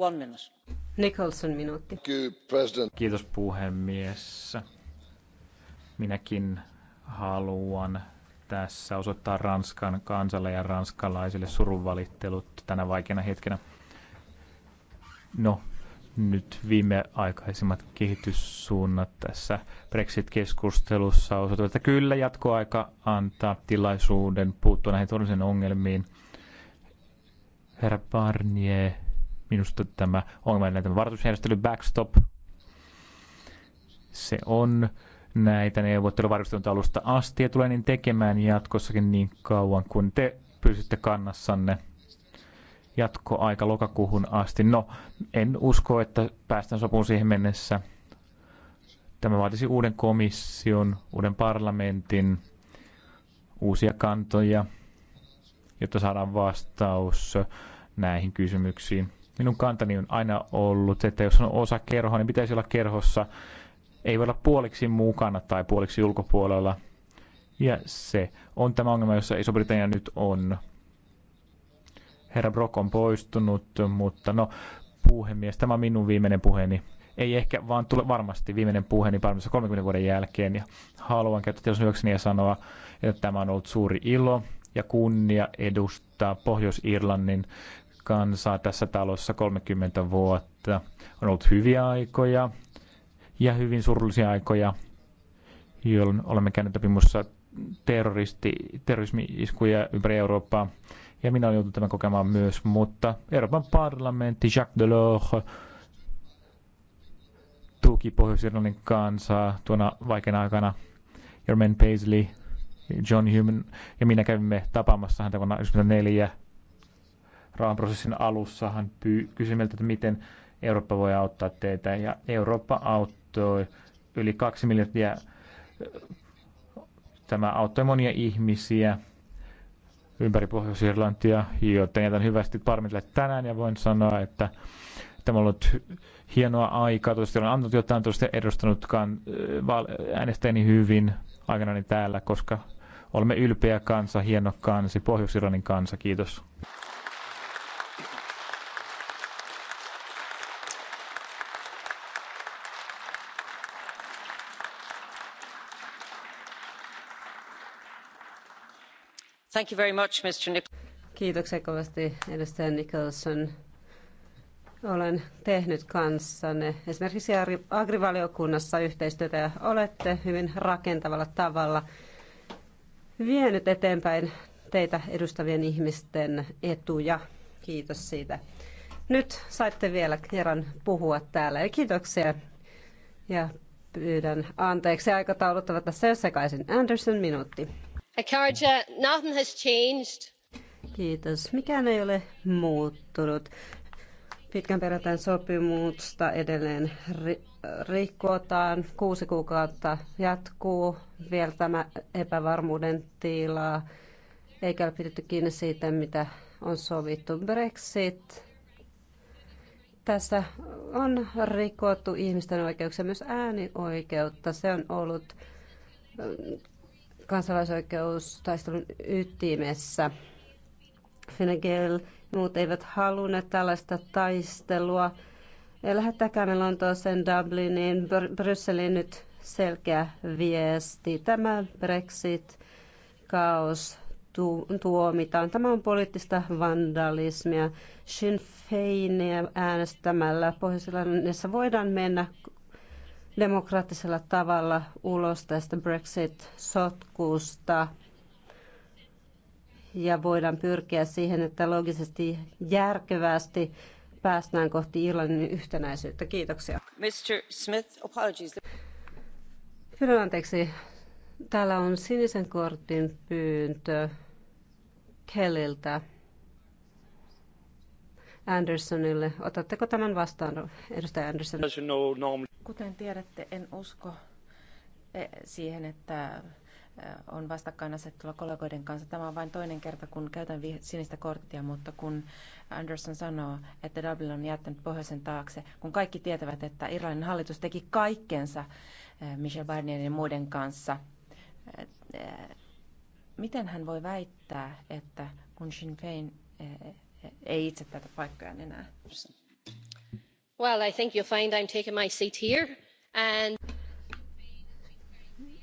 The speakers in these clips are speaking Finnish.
One minuutti. Kiitos puhemies. Minäkin haluan tässä osoittaa Ranskan kansalle ja ranskalaisille surunvalittelut tänä vaikeana hetkenä. No, nyt viime aikaisimmat kehityssuunnat tässä Brexit-keskustelussa osoittavat, että kyllä jatkoaika antaa tilaisuuden puuttua näihin todellisiin ongelmiin. Herra Barnier minusta tämä ongelmallinen tämä varoitusjärjestely backstop, se on näitä neuvotteluvarustelun alusta asti ja tulee niin tekemään jatkossakin niin kauan, kun te pysytte kannassanne jatkoaika lokakuuhun asti. No, en usko, että päästään sopuun siihen mennessä. Tämä vaatisi uuden komission, uuden parlamentin, uusia kantoja, jotta saadaan vastaus näihin kysymyksiin. Minun kantani on aina ollut, että jos on osa kerhoa, niin pitäisi olla kerhossa. Ei voi olla puoliksi mukana tai puoliksi ulkopuolella. Ja se on tämä ongelma, jossa Iso-Britannia nyt on. Herra Brock on poistunut, mutta no, puhemies, tämä on minun viimeinen puheeni ei ehkä, vaan tule varmasti viimeinen puheeni varmasti 30 vuoden jälkeen. Ja haluan käyttää tilaisuuden hyväkseni ja sanoa, että tämä on ollut suuri ilo ja kunnia edustaa Pohjois-Irlannin kansaa tässä talossa 30 vuotta. On ollut hyviä aikoja ja hyvin surullisia aikoja, jolloin olemme käyneet läpi muussa terroristi, terrorismi-iskuja ympäri Eurooppaa. Ja minä olen joutunut tämän kokemaan myös, mutta Euroopan parlamentti, Jacques Delors, tuki Pohjois-Irlannin kansaa tuona vaikeana aikana. Jermaine Paisley, John Human ja minä kävimme tapaamassa häntä vuonna 1994 rauhanprosessin alussa hän pyy- kysyi meiltä, että miten Eurooppa voi auttaa teitä. Ja Eurooppa auttoi yli kaksi miljardia. Tämä auttoi monia ihmisiä ympäri Pohjois-Irlantia, joten jätän hyvästi parmitille tänään ja voin sanoa, että tämä on ollut hienoa aikaa. Toivottavasti olen antanut jotain, toivottavasti edustanut äh, äänestäjäni hyvin aikanani täällä, koska olemme ylpeä kansa, hieno kansi, Pohjois-Irlannin kansa. Kiitos. Kiitoksia kovasti, edustaja Nicholson. Olen tehnyt kanssanne esimerkiksi agrivaliokunnassa yhteistyötä ja olette hyvin rakentavalla tavalla vienyt eteenpäin teitä edustavien ihmisten etuja. Kiitos siitä. Nyt saitte vielä kerran puhua täällä. Ja kiitoksia. Ja pyydän anteeksi. Aikataulut ovat tässä jo sekaisin. Anderson, minuutti. Nothing has changed. Kiitos. Mikään ei ole muuttunut. Pitkän perätään sopimusta edelleen ri- rikotaan. Kuusi kuukautta jatkuu vielä tämä epävarmuuden tila. Eikä ole pidetty kiinni siitä, mitä on sovittu. Brexit. Tässä on rikottu ihmisten oikeuksia, myös äänioikeutta. Se on ollut kansalaisoikeustaistelun ytimessä. Finnegel muut eivät halunneet tällaista taistelua. Lähettäkäämme Lontooseen, Dubliniin, Br- Brysseliin nyt selkeä viesti. Tämä Brexit-kaos tu- tuomitaan. Tämä on poliittista vandalismia. Sinn Feinia äänestämällä pohjois voidaan mennä demokraattisella tavalla ulos tästä Brexit-sotkusta ja voidaan pyrkiä siihen, että logisesti järkevästi päästään kohti Irlannin yhtenäisyyttä. Kiitoksia. Mr. Smith, apologies. Pyydän anteeksi. Täällä on sinisen kortin pyyntö Kelliltä. Andersonille. Otatteko tämän vastaan, edustaja Anderson? Kuten tiedätte, en usko eh, siihen, että eh, on vastakkainasettelua kollegoiden kanssa. Tämä on vain toinen kerta, kun käytän sinistä korttia, mutta kun Anderson sanoo, että Dublin on jättänyt pohjoisen taakse, kun kaikki tietävät, että Irlannin hallitus teki kaikkensa eh, Michel Barnierin ja muiden kanssa, miten hän voi väittää, että kun Sinn Fein ei itse tätä paikkaa enää. Well, I think you'll find I'm taking my seat here and...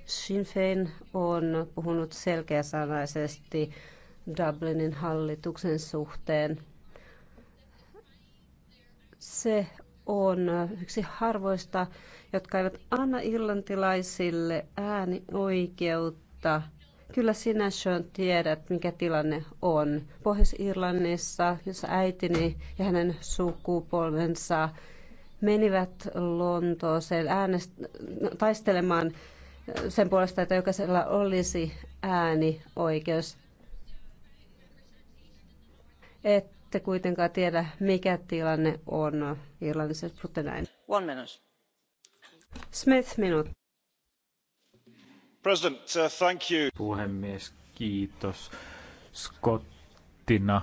Sinn Fein on puhunut selkeäsanaisesti Dublinin hallituksen suhteen. Se on yksi harvoista, jotka eivät anna irlantilaisille äänioikeutta – Kyllä sinä, Sean, tiedät, mikä tilanne on. Pohjois-Irlannissa, jossa äitini ja hänen sukupolvensa menivät Lontooseen äänest- taistelemaan sen puolesta, että jokaisella olisi äänioikeus. Ette kuitenkaan tiedä, mikä tilanne on Irlannissa, mutta näin. One minute. Smith, minuutti. President, uh, thank you. Puhemies, kiitos. Skottina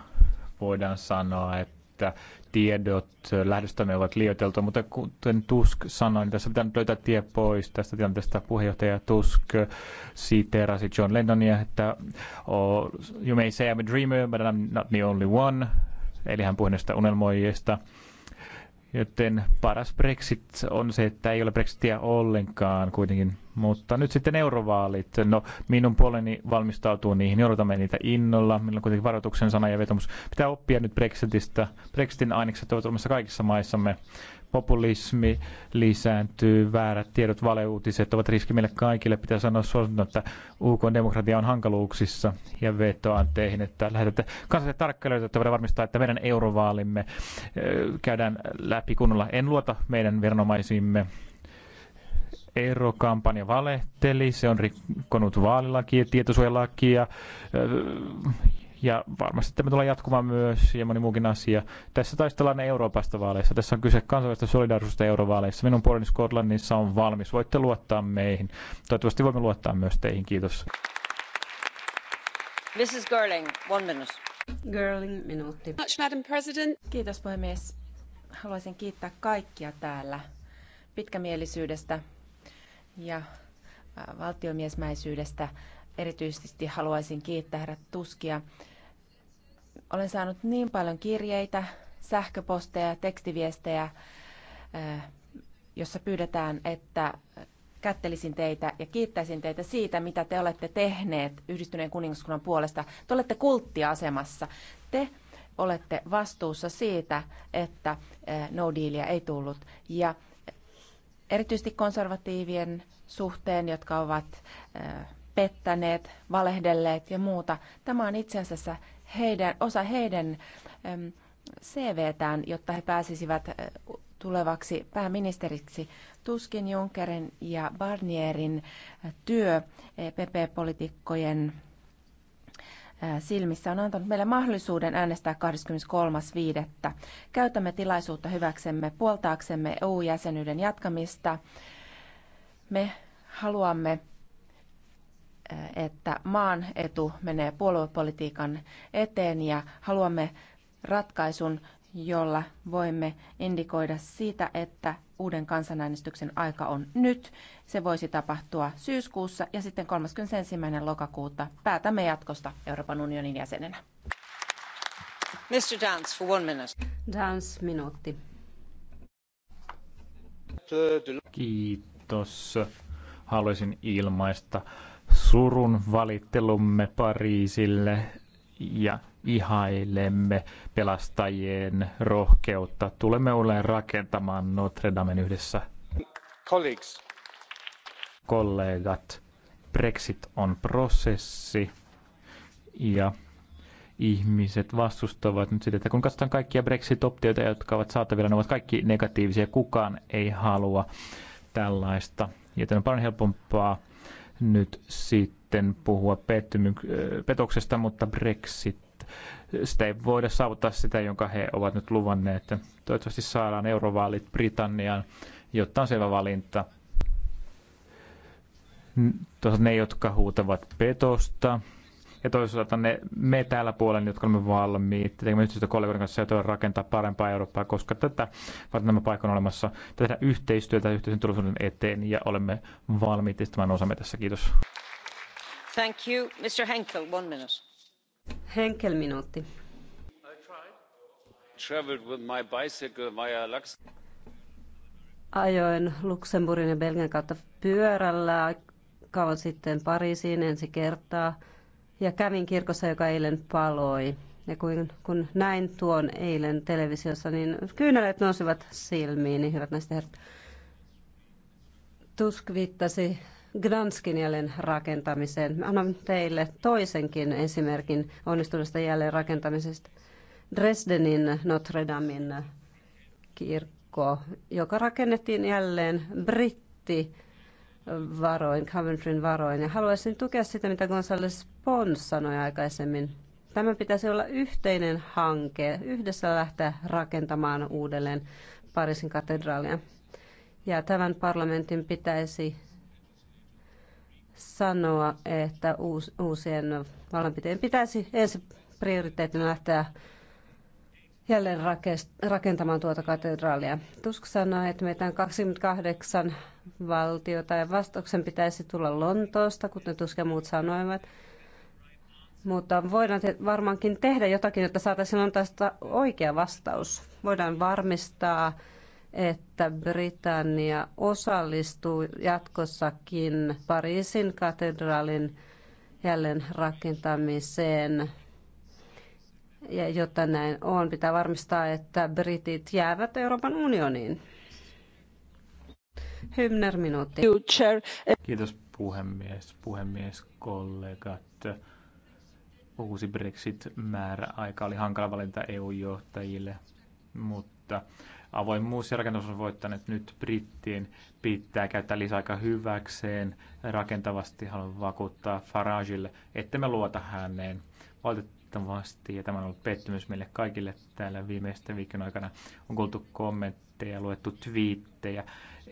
voidaan sanoa, että tiedot lähdöstämme ovat liioiteltu, mutta kuten Tusk sanoi, niin tässä pitää nyt löytää tie pois tästä tilanteesta. Puheenjohtaja Tusk siteerasi John Lennonia, että oh, you may say I'm a dreamer, but I'm not the only one. Eli hän puhui näistä unelmoijista. Joten paras Brexit on se, että ei ole Brexitia ollenkaan kuitenkin. Mutta nyt sitten eurovaalit. No, minun puoleni valmistautuu niihin, Joudutamme niitä innolla. Meillä on kuitenkin varoituksen sana ja vetomus. Pitää oppia nyt Brexitistä. Brexitin ainekset ovat olemassa kaikissa maissamme populismi lisääntyy, väärät tiedot, valeuutiset ovat riski meille kaikille. Pitää sanoa suosittu, että UK-demokratia on hankaluuksissa ja vetoan teihin, että lähetätte kansalliset tarkkailijoita, että voidaan varmistaa, että meidän eurovaalimme käydään läpi kunnolla. En luota meidän viranomaisimme Eurokampanja valehteli, se on rikkonut vaalilakia, tietosuojalakia, ja varmasti tämä tulee jatkumaan myös ja moni muukin asia. Tässä taistellaan Euroopasta vaaleissa. Tässä on kyse kansainvälistä solidaarisuudesta eurovaaleissa. Minun puoleni Skotlannissa on valmis. Voitte luottaa meihin. Toivottavasti voimme luottaa myös teihin. Kiitos. Mrs. Girling, one minute. Girling, minuutti. Madam President. Kiitos puhemies. Haluaisin kiittää kaikkia täällä pitkämielisyydestä ja valtiomiesmäisyydestä erityisesti haluaisin kiittää herra Tuskia olen saanut niin paljon kirjeitä, sähköposteja, tekstiviestejä, äh, jossa pyydetään, että kättelisin teitä ja kiittäisin teitä siitä, mitä te olette tehneet yhdistyneen kuningaskunnan puolesta. Te olette kulttiasemassa. Te olette vastuussa siitä, että äh, no dealia ei tullut. Ja erityisesti konservatiivien suhteen, jotka ovat äh, pettäneet, valehdelleet ja muuta. Tämä on itse asiassa heidän, osa heidän ähm, CVtään, jotta he pääsisivät äh, tulevaksi pääministeriksi. Tuskin Junckerin ja Barnierin äh, työ pp äh, politiikkojen silmissä on antanut meille mahdollisuuden äänestää 23.5. Käytämme tilaisuutta hyväksemme, puoltaaksemme EU-jäsenyyden jatkamista. Me haluamme että maan etu menee puoluepolitiikan eteen ja haluamme ratkaisun, jolla voimme indikoida siitä, että uuden kansanäänestyksen aika on nyt. Se voisi tapahtua syyskuussa ja sitten 31. lokakuuta päätämme jatkosta Euroopan unionin jäsenenä. Mr. Dance, for one minute. Dance, minuutti. Kiitos. Haluaisin ilmaista surun valittelumme Pariisille ja ihailemme pelastajien rohkeutta. Tulemme uudelleen rakentamaan Notre Damen yhdessä. Colleagues. Kollegat, Brexit on prosessi ja ihmiset vastustavat nyt sitä, että kun katsotaan kaikkia Brexit-optioita, jotka ovat saatavilla, ne ovat kaikki negatiivisia. Kukaan ei halua tällaista, joten on paljon helpompaa nyt sitten puhua pettymy- petoksesta, mutta Brexit, sitä ei voida saavuttaa sitä, jonka he ovat nyt luvanneet. Toivottavasti saadaan eurovaalit Britanniaan, jotta on selvä valinta. Ne, jotka huutavat petosta, ja toisaalta ne me täällä puolella, jotka olemme valmiit tekemään yhteistyötä kollegoiden kanssa ja rakentaa parempaa Eurooppaa, koska tätä varten tämä paikka on olemassa. Tehdään yhteistyötä yhteisen turvallisuuden eteen ja olemme valmiit estämään osamme tässä. Kiitos. Thank you. Mr. Henkel, one minute. Henkel, minuutti. Ajoin Luxemburgin ja Belgian kautta pyörällä kauan sitten Pariisiin ensi kertaa – ja kävin kirkossa, joka eilen paloi. Ja kun, kun näin tuon eilen televisiossa, niin kyynelet nousivat silmiin, niin hyvät näistä herrat. Tusk viittasi Granskin jälleen rakentamiseen. Annan teille toisenkin esimerkin onnistuneesta jälleen rakentamisesta. Dresdenin Notre Damin kirkko, joka rakennettiin jälleen britti varoin, Coventryn varoin. Ja haluaisin tukea sitä, mitä Gonzales Pons sanoi aikaisemmin. Tämä pitäisi olla yhteinen hanke, yhdessä lähteä rakentamaan uudelleen Pariisin katedraalia. Ja tämän parlamentin pitäisi sanoa, että uusien vallanpiteen pitäisi ensin prioriteettina lähteä jälleen rakentamaan tuota katedraalia. Tusk sanoi, että meitä on 28 valtiota ja vastauksen pitäisi tulla Lontoosta, kuten Tusk ja muut sanoivat. Mutta voidaan te- varmaankin tehdä jotakin, jotta saataisiin on tästä oikea vastaus. Voidaan varmistaa, että Britannia osallistuu jatkossakin Pariisin katedraalin jälleen rakentamiseen. Ja jotta näin on, pitää varmistaa, että britit jäävät Euroopan unioniin. Hymner minuutti. Kiitos puhemies, puhemies, kollegat uusi Brexit-määräaika oli hankala valinta EU-johtajille, mutta avoimuus ja rakentavuus on voittanut nyt brittien pitää käyttää lisäaika hyväkseen. Rakentavasti haluan vakuuttaa Faragille, että me luota häneen. Valitettavasti, ja tämä on ollut pettymys meille kaikille täällä viimeisten viikon aikana, on kuultu kommentteja, luettu twiittejä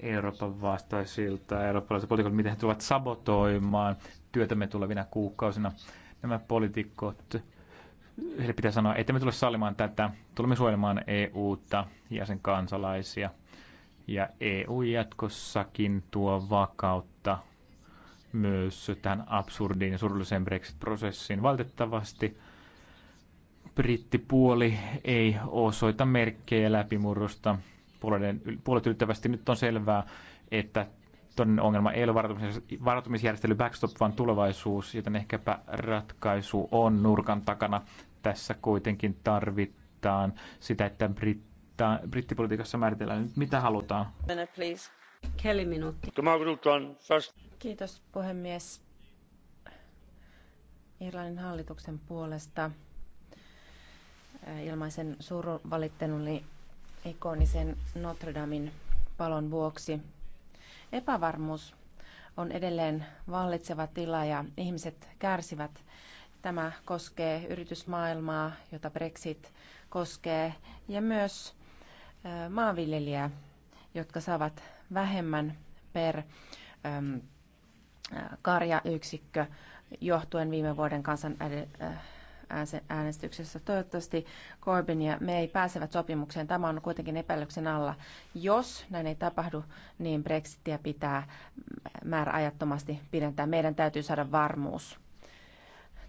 Euroopan vastaisilta, eurooppalaisilta poliitikoilta, miten he tulevat sabotoimaan työtämme tulevina kuukausina nämä poliitikot, heille pitää sanoa, että me tule sallimaan tätä, tulemme suojelemaan EUta ja sen kansalaisia. Ja EU jatkossakin tuo vakautta myös tähän absurdiin ja surulliseen Brexit-prosessiin. Valitettavasti brittipuoli ei osoita merkkejä läpimurrosta. Puolet ylittävästi nyt on selvää, että todellinen ongelma ei ole varautumisjärjestely backstop, vaan tulevaisuus, joten ehkäpä ratkaisu on nurkan takana. Tässä kuitenkin tarvitaan sitä, että Britta, brittipolitiikassa määritellään nyt, mitä halutaan. Kelly minuutti. Kiitos puhemies. Irlannin hallituksen puolesta eh, ilmaisen surun valitteluni ikonisen Notre Damen palon vuoksi Epävarmuus on edelleen vallitseva tila ja ihmiset kärsivät. Tämä koskee yritysmaailmaa, jota Brexit koskee, ja myös maanviljelijää, jotka saavat vähemmän per karjayksikkö johtuen viime vuoden kansan äh, äänestyksessä. Toivottavasti Corbyn ja May pääsevät sopimukseen. Tämä on kuitenkin epäilyksen alla. Jos näin ei tapahdu, niin Brexitia pitää määräajattomasti pidentää. Meidän täytyy saada varmuus.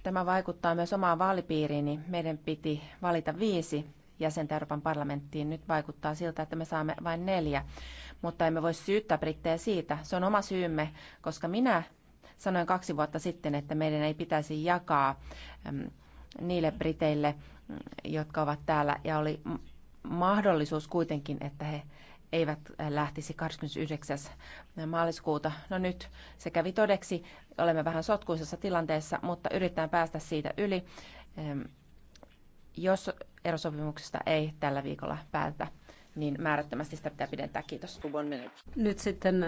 Tämä vaikuttaa myös omaan vaalipiiriini. Meidän piti valita viisi jäsentä Euroopan parlamenttiin. Nyt vaikuttaa siltä, että me saamme vain neljä, mutta emme voi syyttää brittejä siitä. Se on oma syymme, koska minä sanoin kaksi vuotta sitten, että meidän ei pitäisi jakaa niille briteille, jotka ovat täällä, ja oli mahdollisuus kuitenkin, että he eivät lähtisi 29. maaliskuuta. No nyt se kävi todeksi. Olemme vähän sotkuisessa tilanteessa, mutta yritetään päästä siitä yli, jos erosopimuksesta ei tällä viikolla päätä niin määrättömästi sitä pitää pidentää. Kiitos. Nyt sitten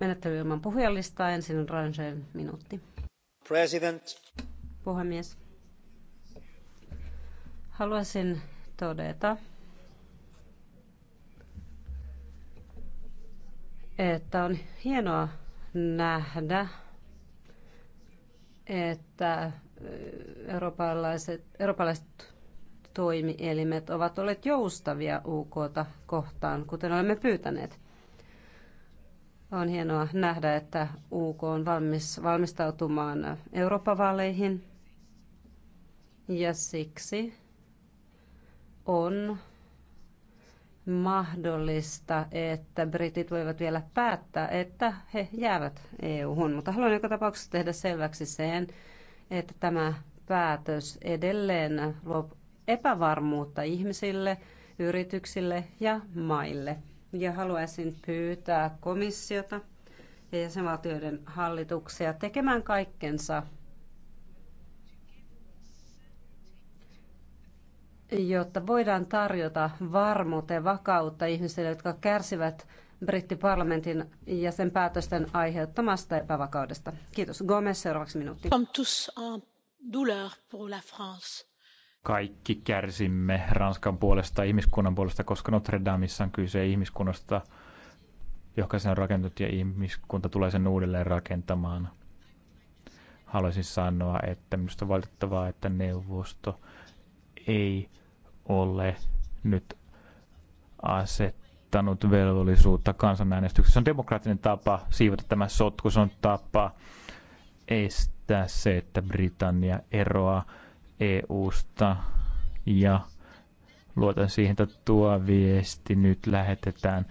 menettely ilman puhujalistaa. Ensin Ransen minuutti. President. Puhemies. Haluaisin todeta, että on hienoa nähdä, että eurooppalaiset, eurooppalaiset toimielimet ovat olleet joustavia UKta kohtaan, kuten olemme pyytäneet. On hienoa nähdä, että UK on valmis valmistautumaan Euroopan vaaleihin ja siksi on mahdollista, että britit voivat vielä päättää, että he jäävät EU-hun. Mutta haluan joka tapauksessa tehdä selväksi sen, että tämä päätös edelleen luo epävarmuutta ihmisille, yrityksille ja maille. Ja haluaisin pyytää komissiota ja jäsenvaltioiden hallituksia tekemään kaikkensa jotta voidaan tarjota varmuutta ja vakautta ihmisille, jotka kärsivät brittiparlamentin ja sen päätösten aiheuttamasta epävakaudesta. Kiitos. Gomez, seuraavaksi minuutti. Kaikki kärsimme Ranskan puolesta, ihmiskunnan puolesta, koska Notre Dameissa on kyse ihmiskunnasta, joka sen on rakentunut ja ihmiskunta tulee sen uudelleen rakentamaan. Haluaisin sanoa, että minusta on valitettavaa, että neuvosto ei ole nyt asettanut velvollisuutta kansanäänestyksessä. Se on demokraattinen tapa siivota tämä sotku, se on tapa estää se, että Britannia eroaa EUsta ja luotan siihen, että tuo viesti nyt lähetetään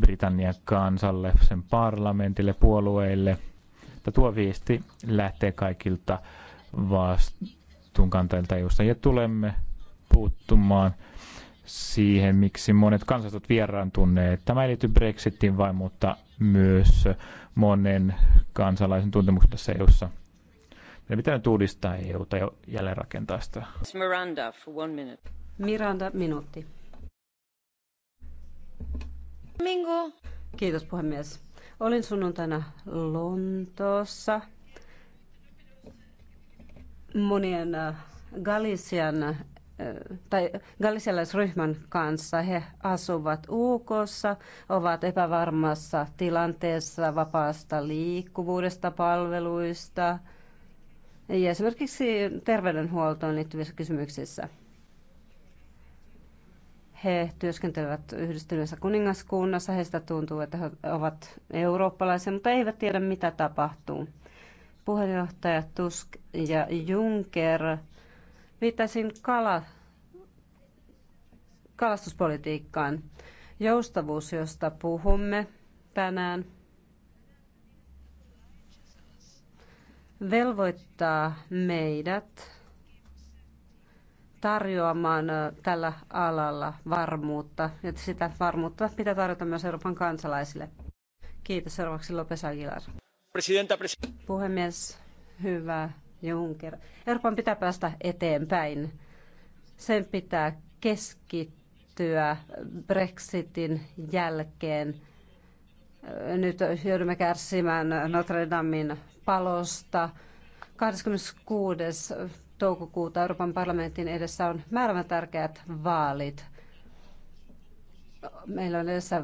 Britannian kansalle, sen parlamentille, puolueille. Että tuo viesti lähtee kaikilta vastuunkantajilta EUsta ja tulemme puuttumaan siihen, miksi monet kansalaiset vieraantuneet. Tämä ei liity Brexitin vain, mutta myös monen kansalaisen tuntemuksen tässä EUssa. Meidän pitää nyt uudistaa EUta ja jälleenrakentaa sitä. Miranda, for one minute. Miranda, minuutti. Mingo. Kiitos puhemies. Olin sunnuntaina Lontoossa monien äh, Galician tai galisialaisryhmän kanssa. He asuvat UK, ovat epävarmassa tilanteessa vapaasta liikkuvuudesta, palveluista ja esimerkiksi terveydenhuoltoon liittyvissä kysymyksissä. He työskentelevät yhdistyneessä kuningaskunnassa. Heistä tuntuu, että he ovat eurooppalaisia, mutta eivät tiedä, mitä tapahtuu. Puheenjohtaja Tusk ja Juncker – Viittaisin kala, kalastuspolitiikkaan. Joustavuus, josta puhumme tänään, velvoittaa meidät tarjoamaan tällä alalla varmuutta. Ja sitä varmuutta pitää tarjota myös Euroopan kansalaisille. Kiitos. Seuraavaksi Lopes Aguilar. Presidenta, pres- Puhemies, hyvä Juncker. Euroopan pitää päästä eteenpäin. Sen pitää keskittyä Brexitin jälkeen. Nyt joudumme kärsimään Notre Damein palosta. 26. toukokuuta Euroopan parlamentin edessä on määrävän tärkeät vaalit. Meillä on edessä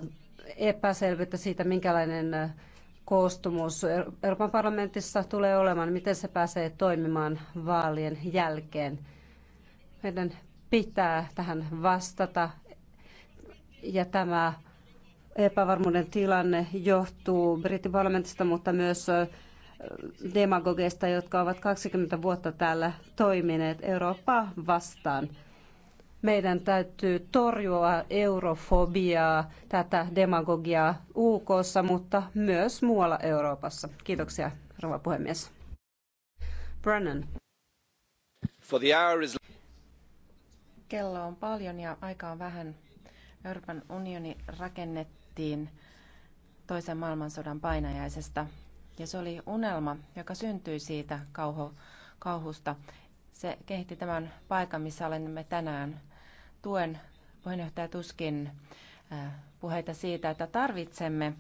epäselvyyttä siitä, minkälainen koostumus Euroopan parlamentissa tulee olemaan, miten se pääsee toimimaan vaalien jälkeen. Meidän pitää tähän vastata ja tämä epävarmuuden tilanne johtuu parlamentista, mutta myös demagogeista, jotka ovat 20 vuotta täällä toimineet Eurooppaa vastaan. Meidän täytyy torjua eurofobiaa, tätä demagogiaa UKssa, mutta myös muualla Euroopassa. Kiitoksia, rouva puhemies. Brennan. For the hour is... Kello on paljon ja aika on vähän. Euroopan unioni rakennettiin toisen maailmansodan painajaisesta. Ja se oli unelma, joka syntyi siitä kauhusta. Se kehitti tämän paikan, missä olemme tänään tuen puheenjohtaja Tuskin puheita siitä, että tarvitsemme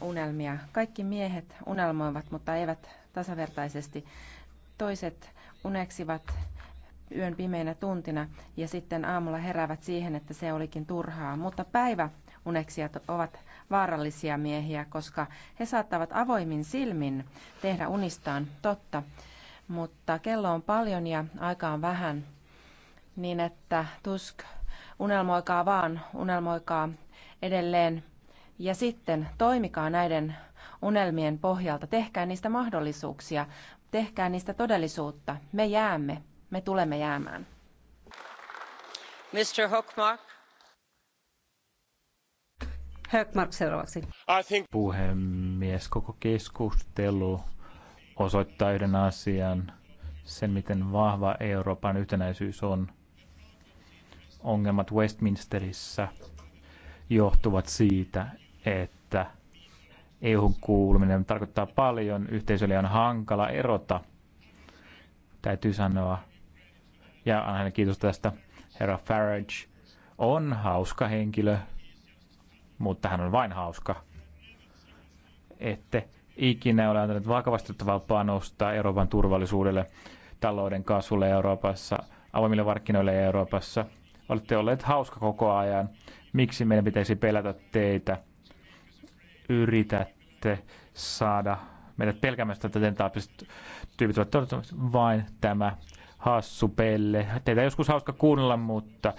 unelmia. Kaikki miehet unelmoivat, mutta eivät tasavertaisesti. Toiset uneksivat yön pimeinä tuntina ja sitten aamulla heräävät siihen, että se olikin turhaa. Mutta päivä uneksijat ovat vaarallisia miehiä, koska he saattavat avoimin silmin tehdä unistaan totta. Mutta kello on paljon ja aika on vähän niin että tusk unelmoikaa vaan, unelmoikaa edelleen ja sitten toimikaa näiden unelmien pohjalta, tehkää niistä mahdollisuuksia, tehkää niistä todellisuutta. Me jäämme, me tulemme jäämään. Mr. Hockmark. Höckmark seuraavaksi. Think... Puhemies, koko keskustelu osoittaa yhden asian, sen miten vahva Euroopan yhtenäisyys on – ongelmat Westminsterissä johtuvat siitä, että EU:n kuuluminen tarkoittaa paljon, yhteisölle on hankala erota, täytyy sanoa. Ja aina kiitos tästä. Herra Farage on hauska henkilö, mutta hän on vain hauska. Ette ikinä ole antanut vakavasti ottavaa panosta Euroopan turvallisuudelle, talouden kasvulle Euroopassa, avoimille markkinoille Euroopassa – Olette olleet hauska koko ajan. Miksi meidän pitäisi pelätä teitä? Yritätte saada meidät pelkämästä, tätä tentaapista tyypit ovat vain tämä hassu pelle. Teitä on joskus hauska kuunnella, mutta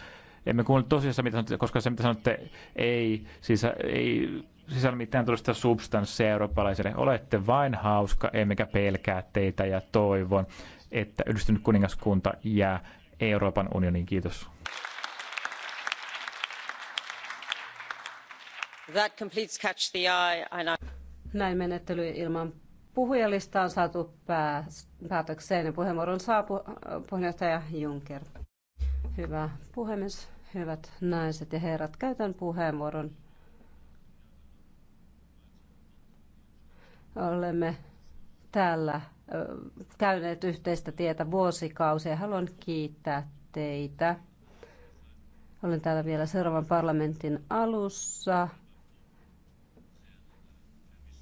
emme kuunnella tosiasiassa, mitä sanotte, koska se mitä sanotte ei, sisä, ei sisällä mitään tuollaista substanssia eurooppalaiselle. Olette vain hauska, emmekä pelkää teitä ja toivon, että yhdistynyt kuningaskunta jää Euroopan unioniin. Kiitos. That completes catch the eye. And I... Näin menettely ilman puhujalista on saatu päätökseen ja puheenvuoron saa puheenjohtaja Juncker. Hyvä puhemies, hyvät naiset ja herrat, käytän puheenvuoron. Olemme täällä käyneet yhteistä tietä vuosikausia. Haluan kiittää teitä. Olen täällä vielä seuraavan parlamentin alussa.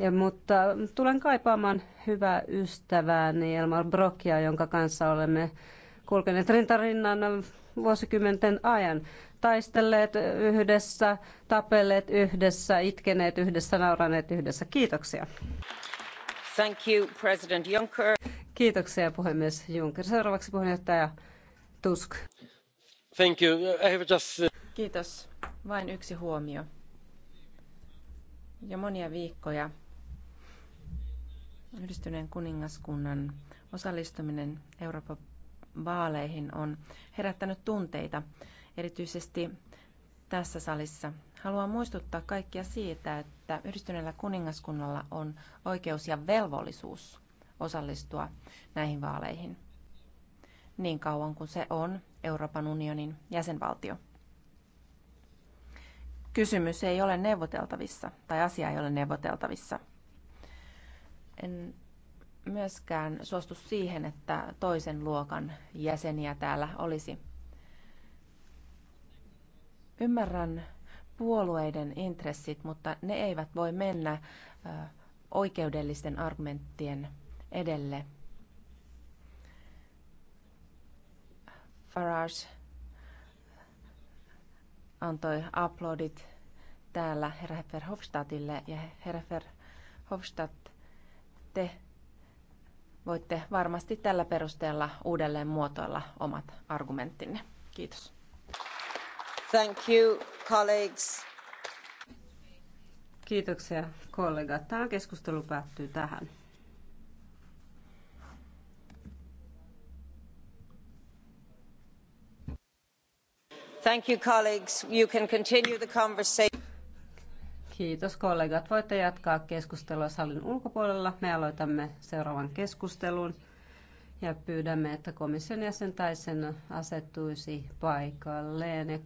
Ja, mutta tulen kaipaamaan hyvää ystävääni Elmar Brokia, jonka kanssa olemme kulkeneet rintarinnan vuosikymmenten ajan. Taistelleet yhdessä, tapelleet yhdessä, itkeneet yhdessä, nauraneet yhdessä. Kiitoksia. Thank you, President Juncker. Kiitoksia puhemies Juncker. Seuraavaksi puheenjohtaja Tusk. Thank you. I have just... Uh, Kiitos. Vain yksi huomio. Jo monia viikkoja Yhdistyneen kuningaskunnan osallistuminen Euroopan vaaleihin on herättänyt tunteita, erityisesti tässä salissa. Haluan muistuttaa kaikkia siitä, että yhdistyneellä kuningaskunnalla on oikeus ja velvollisuus osallistua näihin vaaleihin niin kauan kuin se on Euroopan unionin jäsenvaltio. Kysymys ei ole neuvoteltavissa tai asia ei ole neuvoteltavissa – en myöskään suostu siihen, että toisen luokan jäseniä täällä olisi. Ymmärrän puolueiden intressit, mutta ne eivät voi mennä oikeudellisten argumenttien edelle. Farage antoi aplodit täällä herra Verhofstadtille ja herra Verhofstadt te voitte varmasti tällä perusteella uudelleen muotoilla omat argumenttinne. Kiitos. Thank you, colleagues. Kiitoksia kollegat. Tämä keskustelu päättyy tähän. Thank you colleagues. You can continue the conversation. Kiitos kollegat. Voitte jatkaa keskustelua salin ulkopuolella. Me aloitamme seuraavan keskustelun ja pyydämme, että komission jäsen sen asettuisi paikalleen. Ja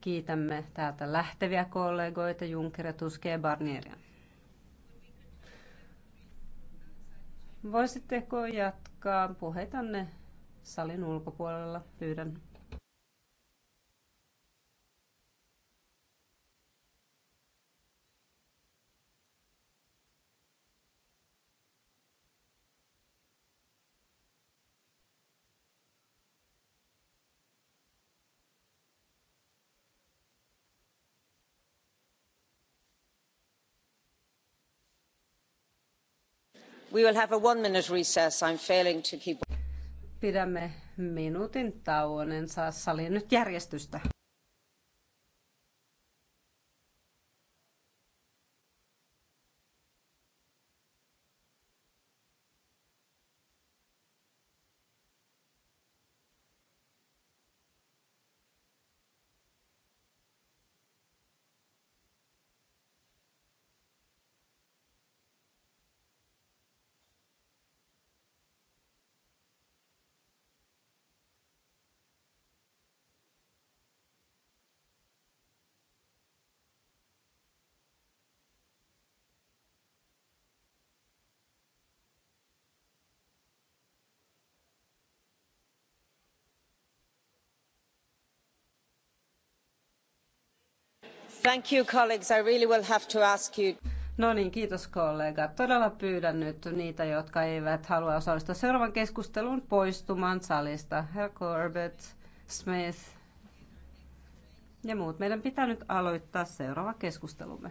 kiitämme täältä lähteviä kollegoita Juncker, Tuske ja Barnieria. Voisitteko jatkaa puheitanne salin ulkopuolella? Pyydän. Pidämme minuutin tauon, en saa saliin nyt järjestystä. Thank you, colleagues. I really will have to ask you. No niin, kiitos kollega. Todella pyydän nyt niitä, jotka eivät halua osallistua seuraavan keskusteluun poistumaan salista. Herr Corbett, Smith ja muut. Meidän pitää nyt aloittaa seuraava keskustelumme.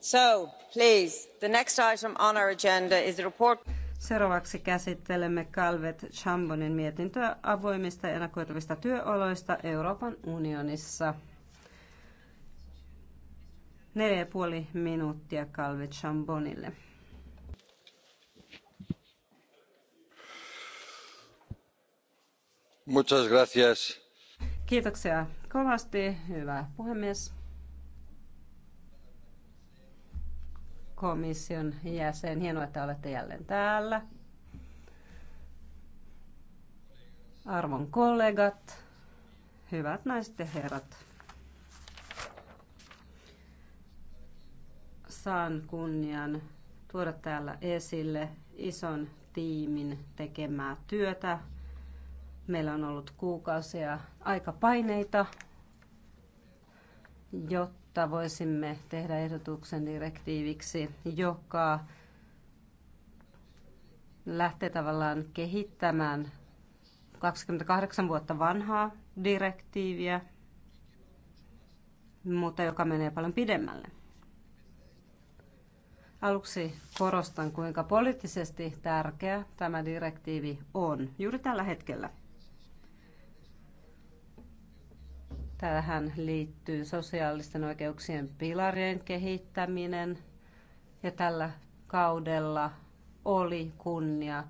So, please, the next item on our agenda is the report. Seuraavaksi käsittelemme Calvet Chambonin mietintöä avoimista ja ennakoitavista työoloista Euroopan unionissa. Neljä ja puoli minuuttia Calvet Chambonille. Muchas gracias. Kiitoksia kovasti, hyvä puhemies. komission jäsen. Hienoa, että olette jälleen täällä. Arvon kollegat, hyvät naiset ja herrat. Saan kunnian tuoda täällä esille ison tiimin tekemää työtä. Meillä on ollut kuukausia aika paineita, jotta jotta voisimme tehdä ehdotuksen direktiiviksi, joka lähtee tavallaan kehittämään 28 vuotta vanhaa direktiiviä, mutta joka menee paljon pidemmälle. Aluksi korostan, kuinka poliittisesti tärkeä tämä direktiivi on juuri tällä hetkellä – Tähän liittyy sosiaalisten oikeuksien pilarien kehittäminen ja tällä kaudella oli kunnia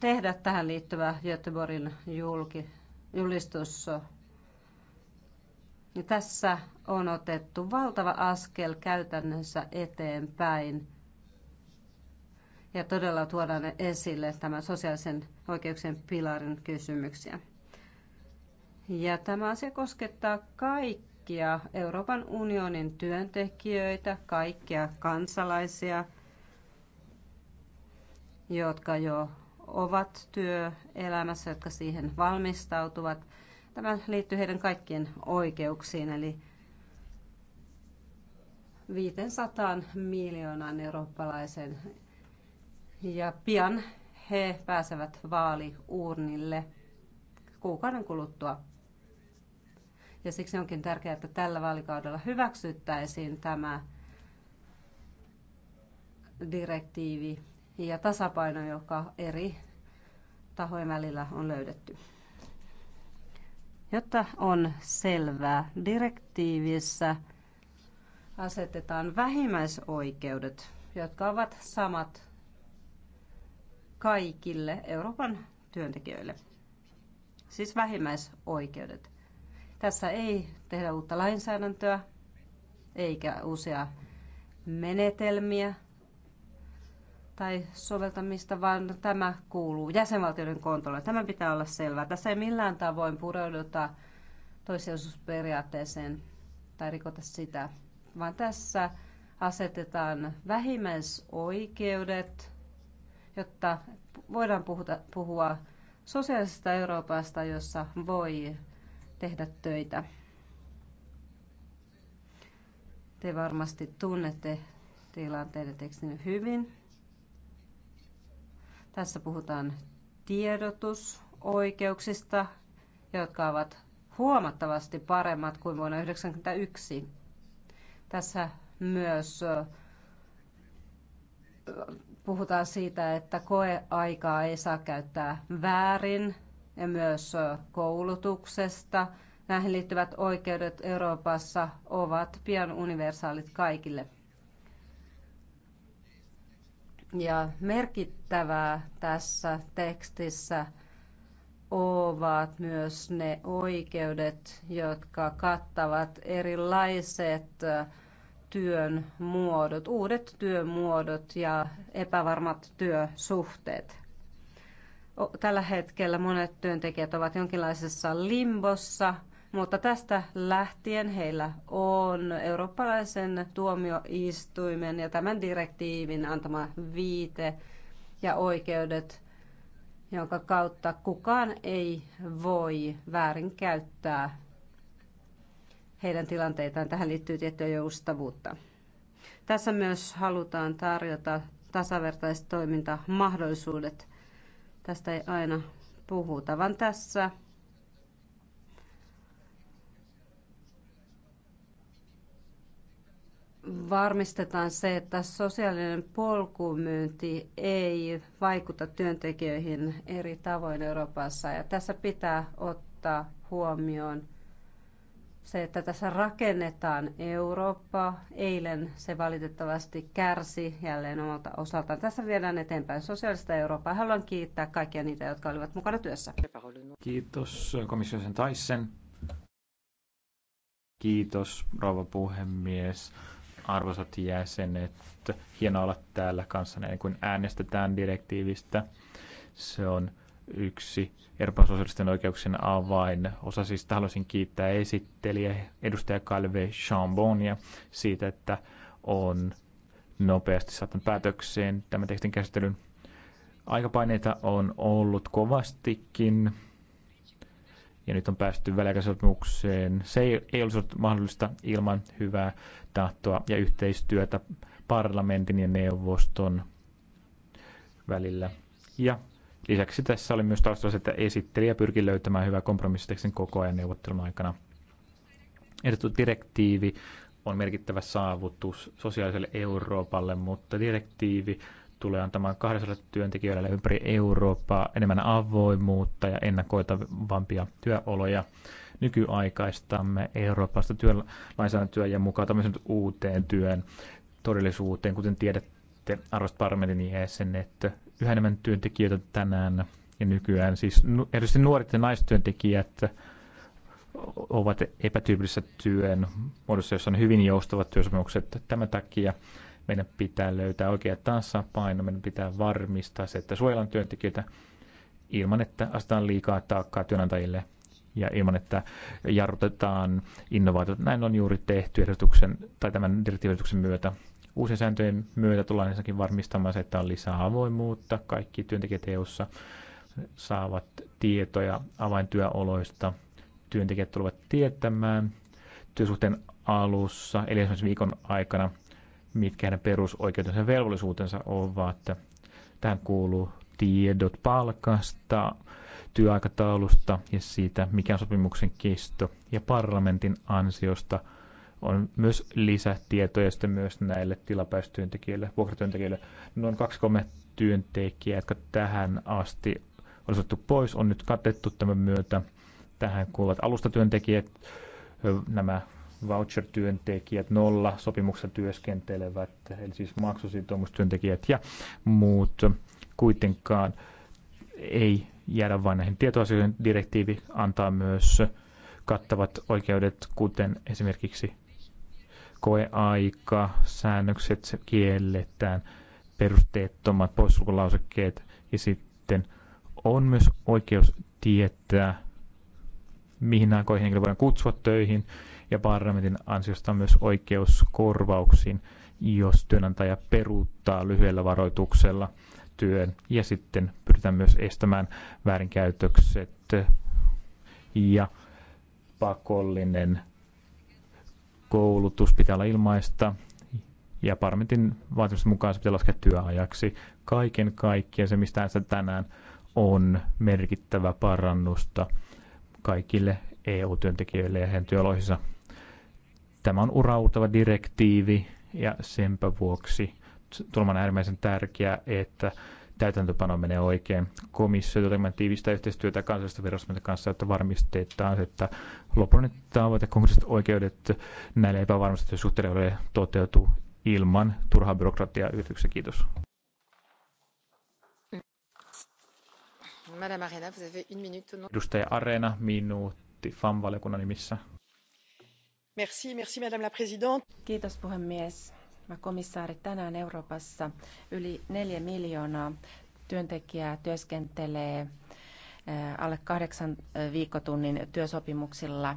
tehdä tähän liittyvä Göteborgin julki, julistus. Ja tässä on otettu valtava askel käytännössä eteenpäin ja todella tuodaan esille tämän sosiaalisen oikeuksien pilarin kysymyksiä. Ja tämä asia koskettaa kaikkia Euroopan unionin työntekijöitä, kaikkia kansalaisia, jotka jo ovat työelämässä, jotka siihen valmistautuvat. Tämä liittyy heidän kaikkien oikeuksiin, eli 500 miljoonan eurooppalaisen. Ja pian he pääsevät vaaliuurnille kuukauden kuluttua ja siksi onkin tärkeää, että tällä vaalikaudella hyväksyttäisiin tämä direktiivi ja tasapaino, joka eri tahojen välillä on löydetty. Jotta on selvää, direktiivissä asetetaan vähimmäisoikeudet, jotka ovat samat kaikille Euroopan työntekijöille. Siis vähimmäisoikeudet. Tässä ei tehdä uutta lainsäädäntöä eikä uusia menetelmiä tai soveltamista, vaan tämä kuuluu jäsenvaltioiden kontolle. Tämä pitää olla selvää. Tässä ei millään tavoin pureuduta toisiosuusperiaatteeseen tai rikota sitä, vaan tässä asetetaan vähimmäisoikeudet, jotta voidaan puhuta, puhua sosiaalisesta Euroopasta, jossa voi tehdä töitä. Te varmasti tunnette tilanteiden tekstin hyvin. Tässä puhutaan tiedotusoikeuksista, jotka ovat huomattavasti paremmat kuin vuonna 1991. Tässä myös puhutaan siitä, että koeaikaa ei saa käyttää väärin ja myös koulutuksesta. Näihin liittyvät oikeudet Euroopassa ovat pian universaalit kaikille. Ja merkittävää tässä tekstissä ovat myös ne oikeudet, jotka kattavat erilaiset työn muodot, uudet työmuodot ja epävarmat työsuhteet. Tällä hetkellä monet työntekijät ovat jonkinlaisessa limbossa, mutta tästä lähtien heillä on eurooppalaisen tuomioistuimen ja tämän direktiivin antama viite ja oikeudet, jonka kautta kukaan ei voi väärinkäyttää heidän tilanteitaan. Tähän liittyy tiettyä joustavuutta. Tässä myös halutaan tarjota tasavertaiset toimintamahdollisuudet Tästä ei aina puhuta, vaan tässä varmistetaan se, että sosiaalinen polkumyynti ei vaikuta työntekijöihin eri tavoin Euroopassa. Ja tässä pitää ottaa huomioon se, että tässä rakennetaan Eurooppa. Eilen se valitettavasti kärsi jälleen omalta osaltaan. Tässä viedään eteenpäin sosiaalista Eurooppaa. Haluan kiittää kaikkia niitä, jotka olivat mukana työssä. Kiitos komissiosen Taisen. Kiitos rouva puhemies. Arvoisat jäsenet, hienoa olla täällä kanssanne, niin kun äänestetään direktiivistä. Se on yksi Euroopan sosiaalisten oikeuksien avain. Osa siis haluaisin kiittää esittelijä edustaja Calve Chambonia siitä, että on nopeasti saattanut päätökseen tämän tekstin käsittelyn. Aikapaineita on ollut kovastikin ja nyt on päästy väliaikaisopimukseen. Se ei, ei olisi ollut mahdollista ilman hyvää tahtoa ja yhteistyötä parlamentin ja neuvoston välillä. Ja Lisäksi tässä oli myös taustalla, että esittelijä pyrki löytämään hyvää kompromissitekstin koko ajan neuvottelun aikana. Ehdotettu direktiivi on merkittävä saavutus sosiaaliselle Euroopalle, mutta direktiivi tulee antamaan 200 työntekijöille ympäri Eurooppaa enemmän avoimuutta ja ennakoitavampia työoloja. Nykyaikaistamme Euroopasta työlainsäädäntöä ja mukautamme nyt uuteen työn todellisuuteen, kuten tiedätte arvoisat parlamentin jäsenet yhä enemmän työntekijöitä tänään ja nykyään. Siis erityisesti nuoret ja naistyöntekijät ovat epätyypillisessä työn muodossa, jossa on hyvin joustavat työsopimukset. Tämän takia meidän pitää löytää oikea tasapaino, meidän pitää varmistaa se, että suojellaan työntekijöitä ilman, että astetaan liikaa taakkaa työnantajille ja ilman, että jarrutetaan innovaatiot. Näin on juuri tehty ehdotuksen tai tämän direktiivityksen myötä. Uusien sääntöjen myötä tullaan ensinnäkin varmistamaan se, että on lisää avoimuutta. Kaikki työntekijät EU-ssa saavat tietoja avaintyöoloista. Työntekijät tulevat tietämään työsuhteen alussa, eli esimerkiksi viikon aikana, mitkä hänen perusoikeutensa ja velvollisuutensa ovat. Tähän kuuluu tiedot palkasta, työaikataulusta ja siitä, mikä on sopimuksen kesto ja parlamentin ansiosta – on myös lisätietoja sitten myös näille tilapäistyöntekijöille, vuokratyöntekijöille. Noin kaksi-kolme työntekijää, jotka tähän asti on otettu pois, on nyt katettu tämän myötä. Tähän kuuluvat alustatyöntekijät, nämä voucher-työntekijät, nolla sopimuksessa työskentelevät, eli siis maksusitoumustyöntekijät ja muut kuitenkaan ei jäädä vain näihin tietoasioihin. Direktiivi antaa myös kattavat oikeudet, kuten esimerkiksi koeaika, säännökset kielletään, perusteettomat poissulkulausekkeet ja sitten on myös oikeus tietää, mihin aikoihin henkilö voidaan kutsua töihin ja parlamentin ansiosta on myös oikeus korvauksiin, jos työnantaja peruuttaa lyhyellä varoituksella työn ja sitten pyritään myös estämään väärinkäytökset ja pakollinen koulutus pitää olla ilmaista ja parlamentin vaatimusten mukaan se pitää laskea työajaksi. Kaiken kaikkiaan se, mistä tässä tänään, on merkittävä parannusta kaikille EU-työntekijöille ja heidän työoloihinsa. Tämä on urauttava direktiivi ja senpä vuoksi tulman äärimmäisen tärkeää, että täytäntöpano menee oikein. Komissio tulee tiivistä yhteistyötä kansallisten viranomaisten kanssa, että varmistetaan, että lopullinen tavoite konkreettiset oikeudet näille epävarmasti suhteille toteutuu ilman turhaa byrokratiaa yrityksessä. Kiitos. Madame Arena, vous avez une minute. Edustaja Arena, minuutti FAM-valiokunnan nimissä. Merci, merci, madame la présidente. Kiitos puhemies. Hyvä komissaari, tänään Euroopassa yli neljä miljoonaa työntekijää työskentelee eh, alle kahdeksan viikkotunnin työsopimuksilla.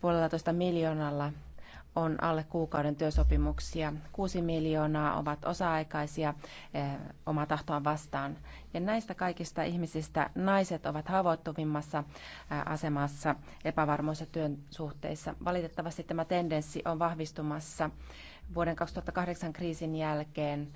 Puolellatoista miljoonalla on alle kuukauden työsopimuksia. Kuusi miljoonaa ovat osa-aikaisia eh, omaa tahtoa vastaan. Ja näistä kaikista ihmisistä naiset ovat haavoittuvimmassa eh, asemassa epävarmoissa työsuhteissa. Valitettavasti tämä tendenssi on vahvistumassa vuoden 2008 kriisin jälkeen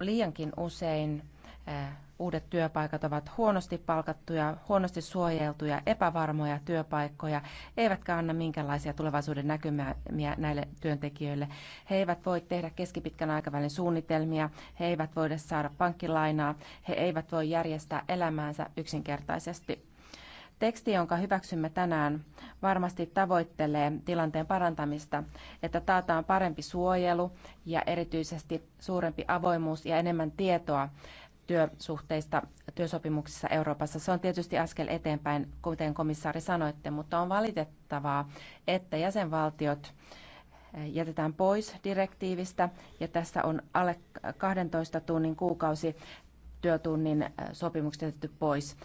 liiankin usein eh, uudet työpaikat ovat huonosti palkattuja, huonosti suojeltuja, epävarmoja työpaikkoja, eivätkä anna minkäänlaisia tulevaisuuden näkymiä näille työntekijöille. He eivät voi tehdä keskipitkän aikavälin suunnitelmia, he eivät voida saada pankkilainaa, he eivät voi järjestää elämäänsä yksinkertaisesti. Teksti, jonka hyväksymme tänään, varmasti tavoittelee tilanteen parantamista, että taataan parempi suojelu ja erityisesti suurempi avoimuus ja enemmän tietoa työsuhteista työsopimuksissa Euroopassa. Se on tietysti askel eteenpäin, kuten komissaari sanoitte, mutta on valitettavaa, että jäsenvaltiot jätetään pois direktiivistä ja tässä on alle 12 tunnin kuukausi työtunnin sopimukset jätetty pois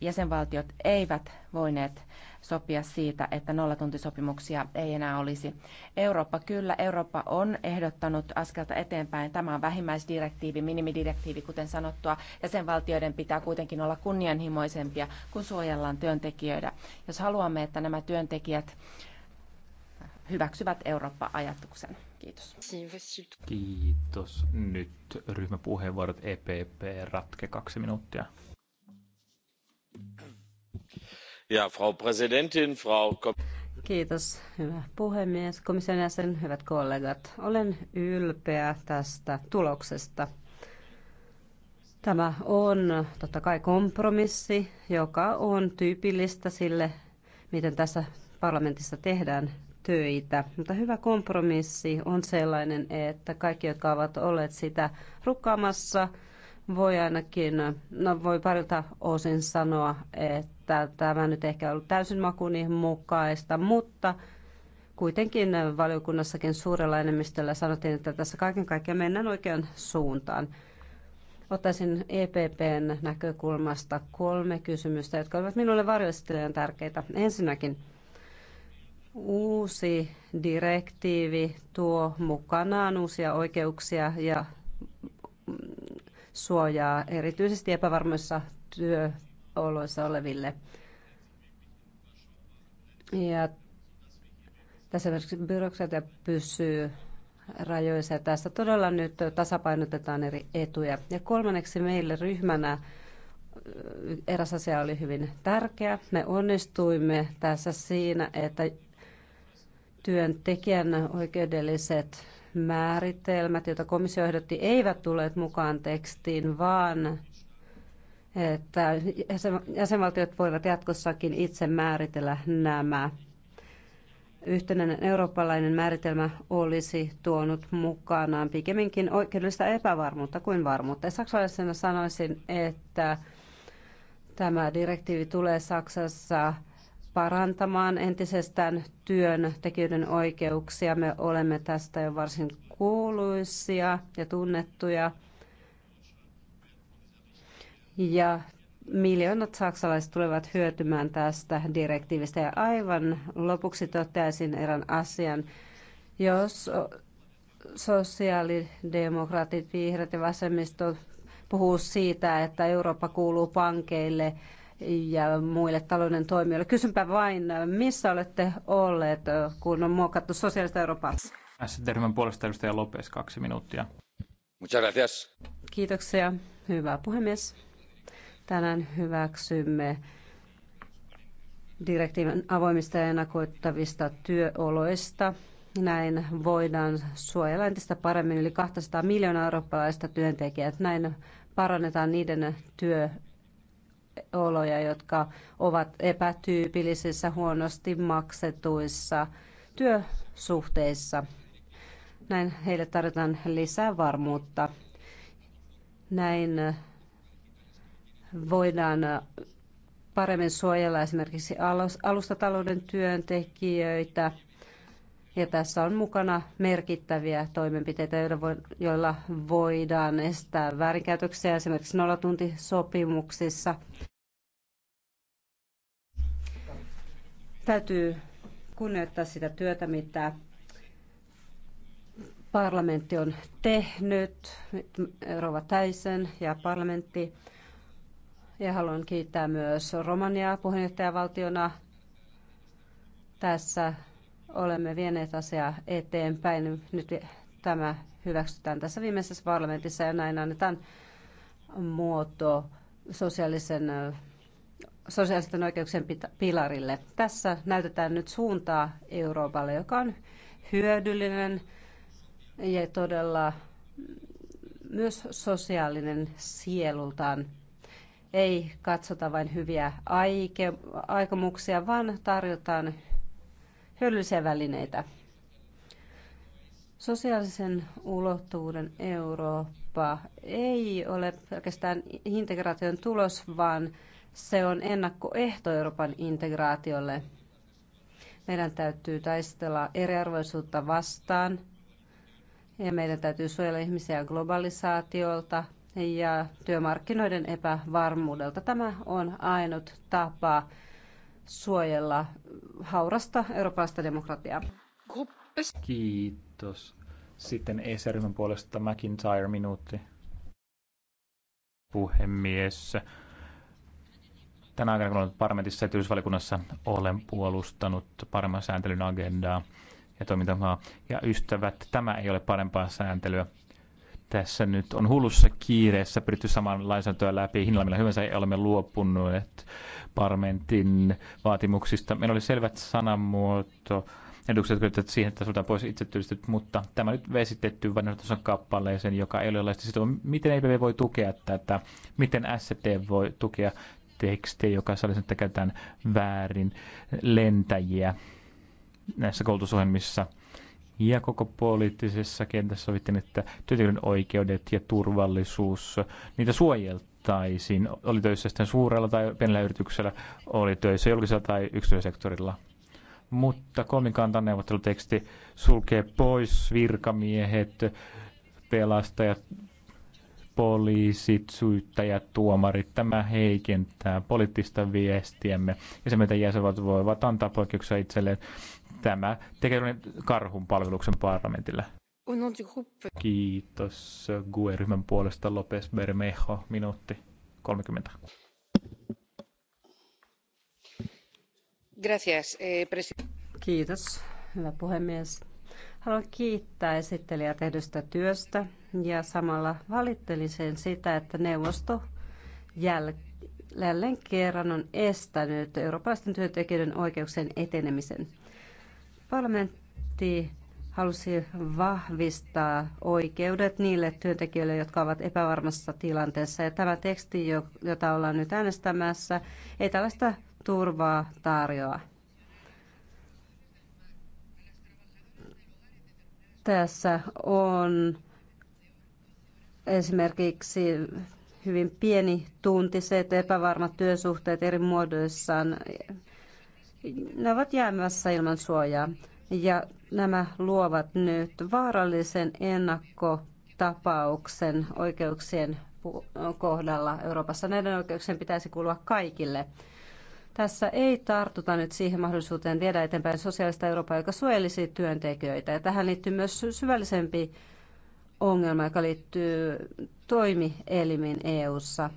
jäsenvaltiot eivät voineet sopia siitä, että nollatuntisopimuksia ei enää olisi. Eurooppa kyllä, Eurooppa on ehdottanut askelta eteenpäin. Tämä on vähimmäisdirektiivi, minimidirektiivi, kuten sanottua. Jäsenvaltioiden pitää kuitenkin olla kunnianhimoisempia, kun suojellaan työntekijöitä. Jos haluamme, että nämä työntekijät hyväksyvät Eurooppa-ajatuksen. Kiitos. Kiitos. Nyt ryhmäpuheenvuorot EPP ratke kaksi minuuttia frau präsidentin frau puhemies, komission jäsen, hyvät kollegat. Olen ylpeä tästä tuloksesta. Tämä on totta kai kompromissi, joka on tyypillistä sille, miten tässä parlamentissa tehdään töitä. Mutta hyvä kompromissi on sellainen, että kaikki, jotka ovat olleet sitä rukkaamassa, voi ainakin, no voi parilta osin sanoa, että tämä nyt ehkä ollut täysin makuni mukaista, mutta kuitenkin valiokunnassakin suurella enemmistöllä sanottiin, että tässä kaiken kaikkiaan mennään oikean suuntaan. Ottaisin EPPn näkökulmasta kolme kysymystä, jotka ovat minulle varjoistelijan tärkeitä. Ensinnäkin uusi direktiivi tuo mukanaan uusia oikeuksia ja suojaa erityisesti epävarmoissa työoloissa oleville. Ja tässä esimerkiksi byrokratia pysyy rajoissa ja tässä todella nyt tasapainotetaan eri etuja. Ja kolmanneksi meille ryhmänä eräs asia oli hyvin tärkeä. Me onnistuimme tässä siinä, että työntekijän oikeudelliset määritelmät, joita komissio ehdotti, eivät tulleet mukaan tekstiin, vaan että jäsenvaltiot voivat jatkossakin itse määritellä nämä. Yhtenäinen eurooppalainen määritelmä olisi tuonut mukanaan pikemminkin oikeudellista epävarmuutta kuin varmuutta. saksalaisena sanoisin, että tämä direktiivi tulee Saksassa parantamaan entisestään työntekijöiden oikeuksia. Me olemme tästä jo varsin kuuluisia ja tunnettuja. Ja miljoonat saksalaiset tulevat hyötymään tästä direktiivistä. Ja aivan lopuksi toteaisin erään asian. Jos sosiaalidemokraatit, vihreät ja vasemmisto puhuu siitä, että Eurooppa kuuluu pankeille, ja muille talouden toimijoille. Kysynpä vain, missä olette olleet, kun on muokattu sosiaalista Eurooppaa? SD-ryhmän puolesta edustaja Lopes, kaksi minuuttia. Kiitoksia, hyvä puhemies. Tänään hyväksymme direktiivin avoimista ja ennakoittavista työoloista. Näin voidaan suojella entistä paremmin yli 200 miljoonaa eurooppalaista työntekijää. Näin parannetaan niiden työ, oloja, jotka ovat epätyypillisissä, huonosti maksetuissa työsuhteissa. Näin heille tarjotaan lisää varmuutta. Näin voidaan paremmin suojella esimerkiksi alustatalouden työntekijöitä. Ja tässä on mukana merkittäviä toimenpiteitä, joilla voidaan estää väärinkäytöksiä esimerkiksi nollatuntisopimuksissa. Täytyy kunnioittaa sitä työtä, mitä parlamentti on tehnyt, Rova Täisen ja parlamentti. Ja haluan kiittää myös Romaniaa puheenjohtajavaltiona. Tässä olemme vieneet asiaa eteenpäin. Nyt tämä hyväksytään tässä viimeisessä parlamentissa ja näin annetaan muoto sosiaalisen sosiaalisten oikeuksien pilarille. Tässä näytetään nyt suuntaa Euroopalle, joka on hyödyllinen ja todella myös sosiaalinen sielultaan. Ei katsota vain hyviä aike, aikomuksia, vaan tarjotaan hyödyllisiä välineitä. Sosiaalisen ulottuvuuden Eurooppa ei ole pelkästään integraation tulos, vaan se on ennakkoehto Euroopan integraatiolle. Meidän täytyy taistella eriarvoisuutta vastaan ja meidän täytyy suojella ihmisiä globalisaatiolta ja työmarkkinoiden epävarmuudelta. Tämä on ainut tapa suojella haurasta eurooppalaista demokratiaa. Kiitos. Sitten ESR-ryhmän puolesta McIntyre minuutti. Puhemies, tänä aikana, kun olen parlamentissa ja työllisyysvalikunnassa, olen puolustanut paremman sääntelyn agendaa ja toimintamaa. Ja ystävät, tämä ei ole parempaa sääntelyä. Tässä nyt on hullussa kiireessä pyritty saman lainsäädäntöä läpi. Hinnalla millä hyvänsä ei olemme luopuneet parlamentin vaatimuksista. Meillä oli selvät sanamuoto edukset kytketty siihen, että sulta pois itsetyöllistyt, mutta tämä nyt vesitetty vain tuossa kappaleeseen, joka ei ole laista sitova. Miten EPV voi tukea tätä? Miten ST voi tukea tekstiä, joka sanoisi, että käytetään väärin lentäjiä näissä koulutusohjelmissa. Ja koko poliittisessa kentässä sovittiin, että työntekijöiden oikeudet ja turvallisuus, niitä suojeltaisiin. Oli töissä sitten suurella tai pienellä yrityksellä, oli töissä julkisella tai yksityisellä Mutta kolmikantan neuvotteluteksti sulkee pois virkamiehet, pelastajat, poliisit, syyttäjät, tuomarit, tämä heikentää poliittista viestiämme ja se, mitä jäsenvaltiot voivat antaa poikkeuksia itselleen. Tämä tekee karhun palveluksen parlamentille. Kiitos GUE-ryhmän puolesta Lopes Bermejo, minuutti 30. Gracias, eh, Kiitos, hyvä puhemies. Haluan kiittää esittelijää tehdystä työstä ja samalla valittelin sen sitä, että neuvosto jälleen kerran on estänyt eurooppalaisten työntekijöiden oikeuksien etenemisen. Parlamentti halusi vahvistaa oikeudet niille työntekijöille, jotka ovat epävarmassa tilanteessa. Ja tämä teksti, jota ollaan nyt äänestämässä, ei tällaista turvaa tarjoa. Tässä on Esimerkiksi hyvin pieni tuntiset, epävarmat työsuhteet eri muodoissaan, ne ovat jäämässä ilman suojaa. Ja nämä luovat nyt vaarallisen ennakkotapauksen oikeuksien kohdalla Euroopassa. Näiden oikeuksien pitäisi kuulua kaikille. Tässä ei tartuta nyt siihen mahdollisuuteen viedä eteenpäin sosiaalista Eurooppaa, joka suojelisi työntekijöitä. Ja tähän liittyy myös syvällisempi ongelma, joka liittyy eu EU:ssa,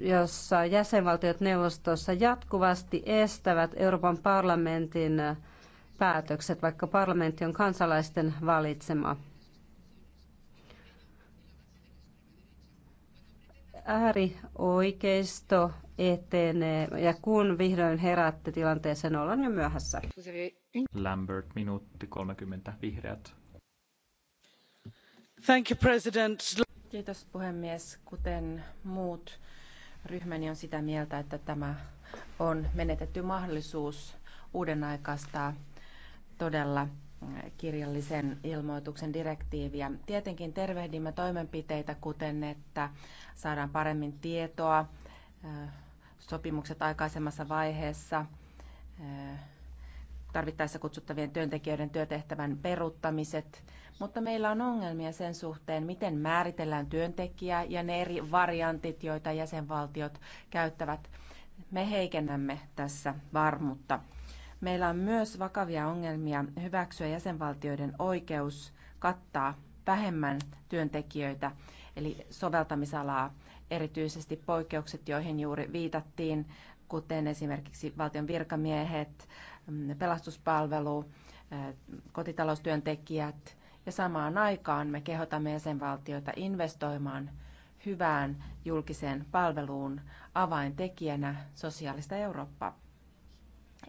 jossa jäsenvaltiot neuvostossa jatkuvasti estävät Euroopan parlamentin päätökset, vaikka parlamentti on kansalaisten valitsema. Äärioikeisto etenee ja kun vihdoin herätte tilanteeseen, ollaan jo myöhässä. Lambert, minuutti 30, vihreät. Kiitos puhemies. Kuten muut, ryhmäni on sitä mieltä, että tämä on menetetty mahdollisuus uudenaikaistaa todella kirjallisen ilmoituksen direktiiviä. Tietenkin tervehdimme toimenpiteitä, kuten että saadaan paremmin tietoa, sopimukset aikaisemmassa vaiheessa, tarvittaessa kutsuttavien työntekijöiden työtehtävän peruuttamiset, mutta meillä on ongelmia sen suhteen, miten määritellään työntekijää ja ne eri variantit, joita jäsenvaltiot käyttävät. Me heikennämme tässä varmuutta. Meillä on myös vakavia ongelmia hyväksyä jäsenvaltioiden oikeus kattaa vähemmän työntekijöitä, eli soveltamisalaa, erityisesti poikkeukset, joihin juuri viitattiin, kuten esimerkiksi valtion virkamiehet, Mm, pelastuspalvelu, eh, kotitaloustyöntekijät ja samaan aikaan me kehotamme jäsenvaltioita investoimaan hyvään julkiseen palveluun avaintekijänä sosiaalista Eurooppaa.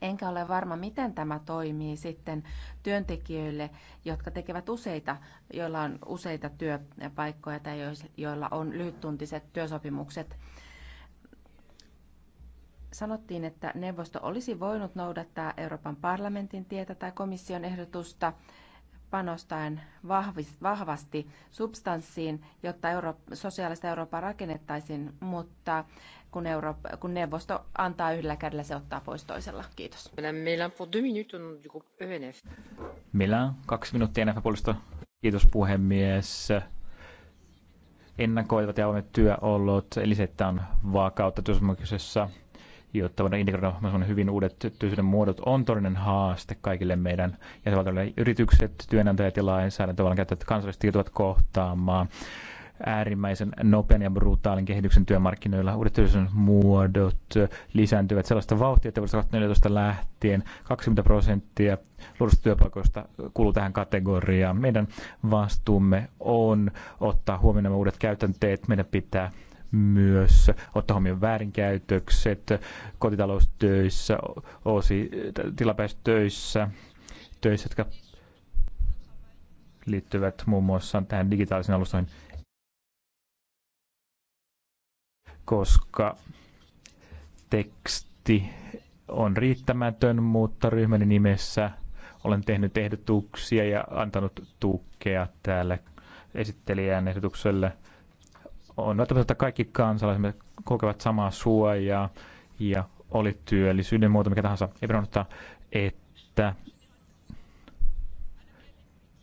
Enkä ole varma, miten tämä toimii sitten työntekijöille, jotka tekevät useita, joilla on useita työpaikkoja tai joilla on lyhyttuntiset työsopimukset sanottiin, että neuvosto olisi voinut noudattaa Euroopan parlamentin tietä tai komission ehdotusta panostaen vahvasti substanssiin, jotta Euro- sosiaalista Eurooppaa rakennettaisiin, mutta kun, Euro- kun neuvosto antaa yhdellä kädellä, se ottaa pois toisella. Kiitos. Meillä on e kaksi minuuttia nf Kiitos puhemies ennakoivat ja avoimet työolot, eli se, että on vakautta työsopimuksessa jotta voidaan integroida hyvin uudet työsuhteen muodot, on todellinen haaste kaikille meidän jäsenvaltioille. Yritykset, työnantajat ja tavallaan käyttäjät kansalliset joutuvat kohtaamaan äärimmäisen nopean ja brutaalin kehityksen työmarkkinoilla. Uudet työllisyyden muodot lisääntyvät sellaista vauhtia, että vuodesta 2014 lähtien 20 prosenttia luodusta työpaikoista kuuluu tähän kategoriaan. Meidän vastuumme on ottaa huomioon nämä uudet käytänteet. Meidän pitää myös ottaa huomioon väärinkäytökset kotitaloustöissä, osi, tilapäistöissä, töissä, jotka liittyvät muun muassa tähän digitaalisiin alustoihin, koska teksti on riittämätön, mutta ryhmäni nimessä olen tehnyt ehdotuksia ja antanut tukea täällä esittelijän ehdotukselle – on välttämättä, että kaikki kansalaiset kokevat samaa suojaa ja oli työllisyyden muoto mikä tahansa. Ei odottaa, että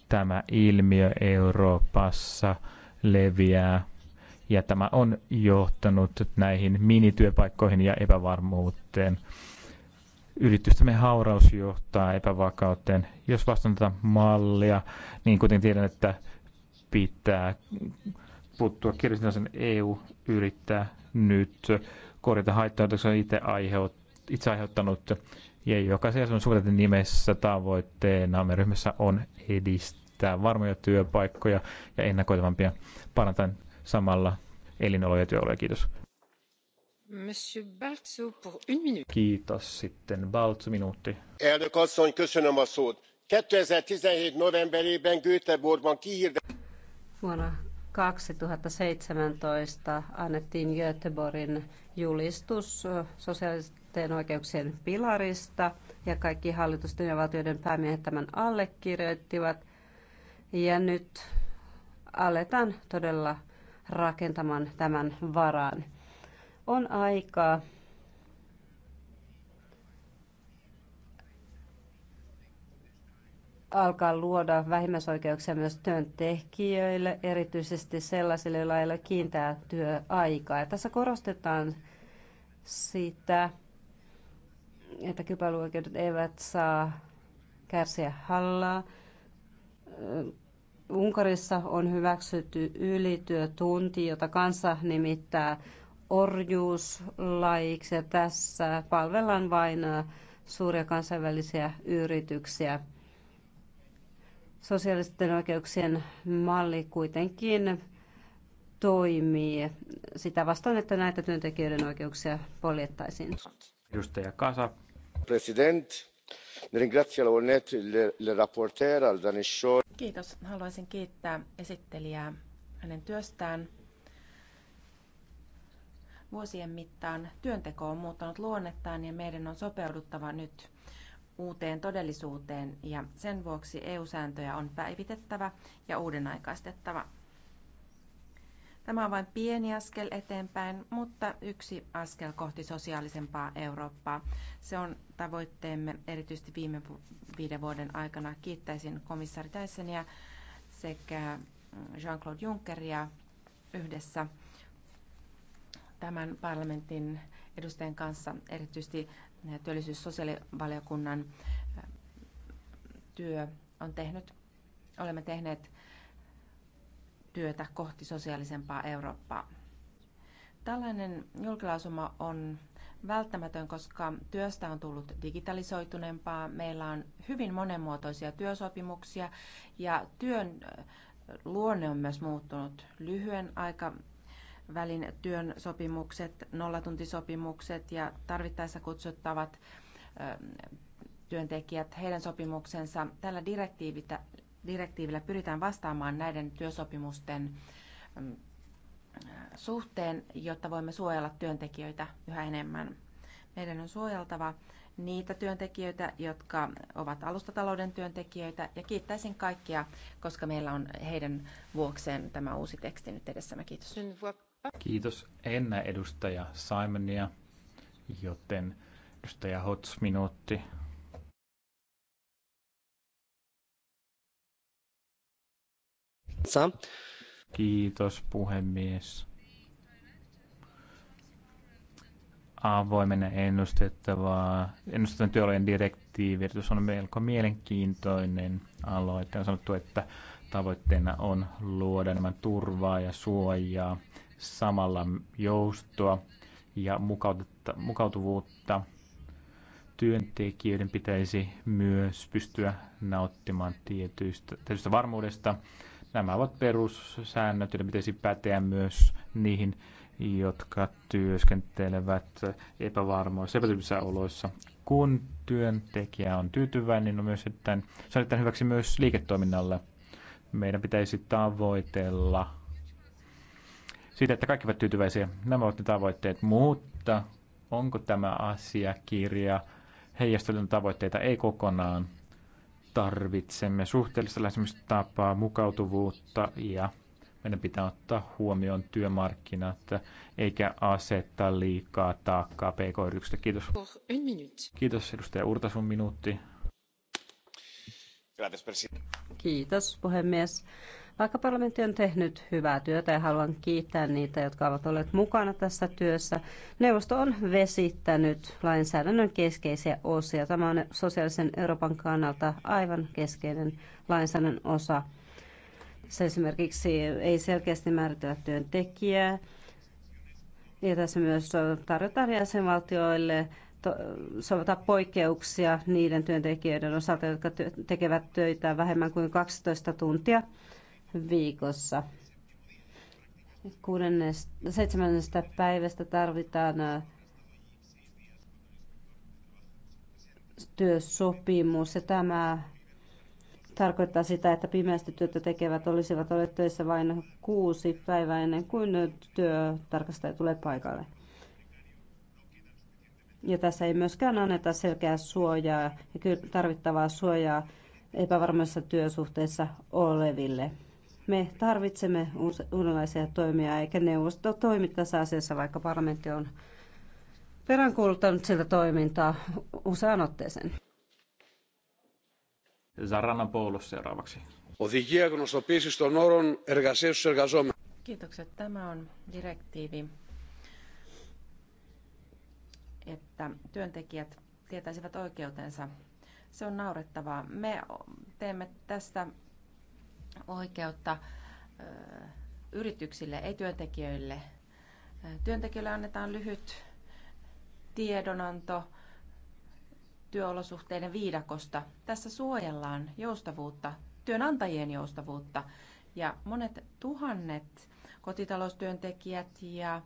tämä ilmiö Euroopassa leviää ja tämä on johtanut näihin minityöpaikkoihin ja epävarmuuteen. Yritystämme hauraus johtaa epävakauteen. Jos vastaan tätä mallia, niin kuten tiedän, että pitää puuttua kirjastosen EU yrittää nyt korjata haittaa, jota se on itse, aiheut, itse aiheuttanut. Ja jokaisen on suunnitelman nimessä tavoitteena me ryhmässä on edistää varmoja työpaikkoja ja ennakoitavampia parantaen samalla elinoloja ja työoloja. Kiitos. Monsieur pour une minute. Kiitos sitten. Baltsu, minuutti. Elnök asszony, köszönöm a szót. 2017 novemberében Göteborgban kihirdett... Vuonna 2017 annettiin Göteborgin julistus sosiaalisten oikeuksien pilarista ja kaikki hallitusten ja valtioiden päämiehet tämän allekirjoittivat. Ja nyt aletaan todella rakentamaan tämän varaan. On aikaa alkaa luoda vähimmäisoikeuksia myös työntekijöille, erityisesti sellaisille, joilla ei ole kiinteää työaikaa. Ja tässä korostetaan sitä, että kilpailuoikeudet eivät saa kärsiä hallaa. Unkarissa on hyväksytty ylityötunti, jota kansa nimittää orjuuslaiksi. Ja tässä palvellaan vain suuria kansainvälisiä yrityksiä. Sosiaalisten oikeuksien malli kuitenkin toimii sitä vastaan, että näitä työntekijöiden oikeuksia poljettaisiin. Edustaja Kasa. President, Kiitos. Haluaisin kiittää esittelijää hänen työstään. Vuosien mittaan työnteko on muuttanut luonnettaan ja meidän on sopeuduttava nyt uuteen todellisuuteen ja sen vuoksi EU-sääntöjä on päivitettävä ja uudenaikaistettava. Tämä on vain pieni askel eteenpäin, mutta yksi askel kohti sosiaalisempaa Eurooppaa. Se on tavoitteemme erityisesti viime viiden vuoden aikana. Kiittäisin komissaari Tyssonia sekä mm, Jean-Claude Junckeria yhdessä tämän parlamentin edustajien kanssa, erityisesti työllisyys- ja sosiaalivaliokunnan työ on tehnyt. Olemme tehneet työtä kohti sosiaalisempaa Eurooppaa. Tällainen julkilausuma on välttämätön, koska työstä on tullut digitalisoituneempaa. Meillä on hyvin monenmuotoisia työsopimuksia ja työn luonne on myös muuttunut. Lyhyen aika välin työn sopimukset, nollatuntisopimukset ja tarvittaessa kutsuttavat työntekijät, heidän sopimuksensa. Tällä direktiivillä pyritään vastaamaan näiden työsopimusten suhteen, jotta voimme suojella työntekijöitä yhä enemmän. Meidän on suojeltava niitä työntekijöitä, jotka ovat alustatalouden työntekijöitä, ja kiittäisin kaikkia, koska meillä on heidän vuokseen tämä uusi teksti nyt edessämme. Kiitos. Kiitos. En edustaja Simonia, joten edustaja Hots minuutti. Sam. Kiitos puhemies. Avoimen ennustettavaa, ennustettavan työolojen direktiivi on melko mielenkiintoinen aloite. On sanottu, että tavoitteena on luoda nämä turvaa ja suojaa samalla joustoa ja mukautuvuutta. Työntekijöiden pitäisi myös pystyä nauttimaan tietystä, tietystä varmuudesta. Nämä ovat perussäännöt, joiden pitäisi päteä myös niihin, jotka työskentelevät epävarmoissa, epätyypillisissä oloissa. Kun työntekijä on tyytyväinen, niin on myös erittäin, se on erittäin hyväksi myös liiketoiminnalle. Meidän pitäisi tavoitella siitä, että kaikki ovat tyytyväisiä. Nämä ovat ne tavoitteet, mutta onko tämä asiakirja heijastelun tavoitteita? Ei kokonaan. Tarvitsemme suhteellista lähestymistapaa, mukautuvuutta ja meidän pitää ottaa huomioon työmarkkinat eikä asettaa liikaa taakkaa pk yrityksestä Kiitos. Kiitos edustaja Urta, sun minuutti. Kiitos puhemies. Vaikka parlamentti on tehnyt hyvää työtä ja haluan kiittää niitä, jotka ovat olleet mukana tässä työssä, neuvosto on vesittänyt lainsäädännön keskeisiä osia. Tämä on sosiaalisen Euroopan kannalta aivan keskeinen lainsäädännön osa. Se esimerkiksi ei selkeästi määritellä työntekijää. Ja tässä myös tarjotaan jäsenvaltioille soveltaa poikkeuksia niiden työntekijöiden osalta, jotka tekevät töitä vähemmän kuin 12 tuntia viikossa. Kuudennesta, seitsemännestä päivästä tarvitaan työsopimus ja tämä tarkoittaa sitä, että pimeästi työtä tekevät olisivat olleet töissä vain kuusi päivää ennen kuin työtarkastaja tulee paikalle. Ja tässä ei myöskään anneta selkeää suojaa ja tarvittavaa suojaa epävarmoissa työsuhteissa oleville. Me tarvitsemme uudenlaisia toimia, eikä neuvosto toimi tässä asiassa, vaikka parlamentti on peräänkuuluttanut siltä toimintaa usean otteeseen. Zarana Poulos seuraavaksi. Kiitokset. Tämä on direktiivi, että työntekijät tietäisivät oikeutensa. Se on naurettavaa. Me teemme tästä oikeutta yrityksille, ei työntekijöille. Työntekijöille annetaan lyhyt tiedonanto työolosuhteiden viidakosta. Tässä suojellaan joustavuutta, työnantajien joustavuutta. Ja monet tuhannet kotitaloustyöntekijät ja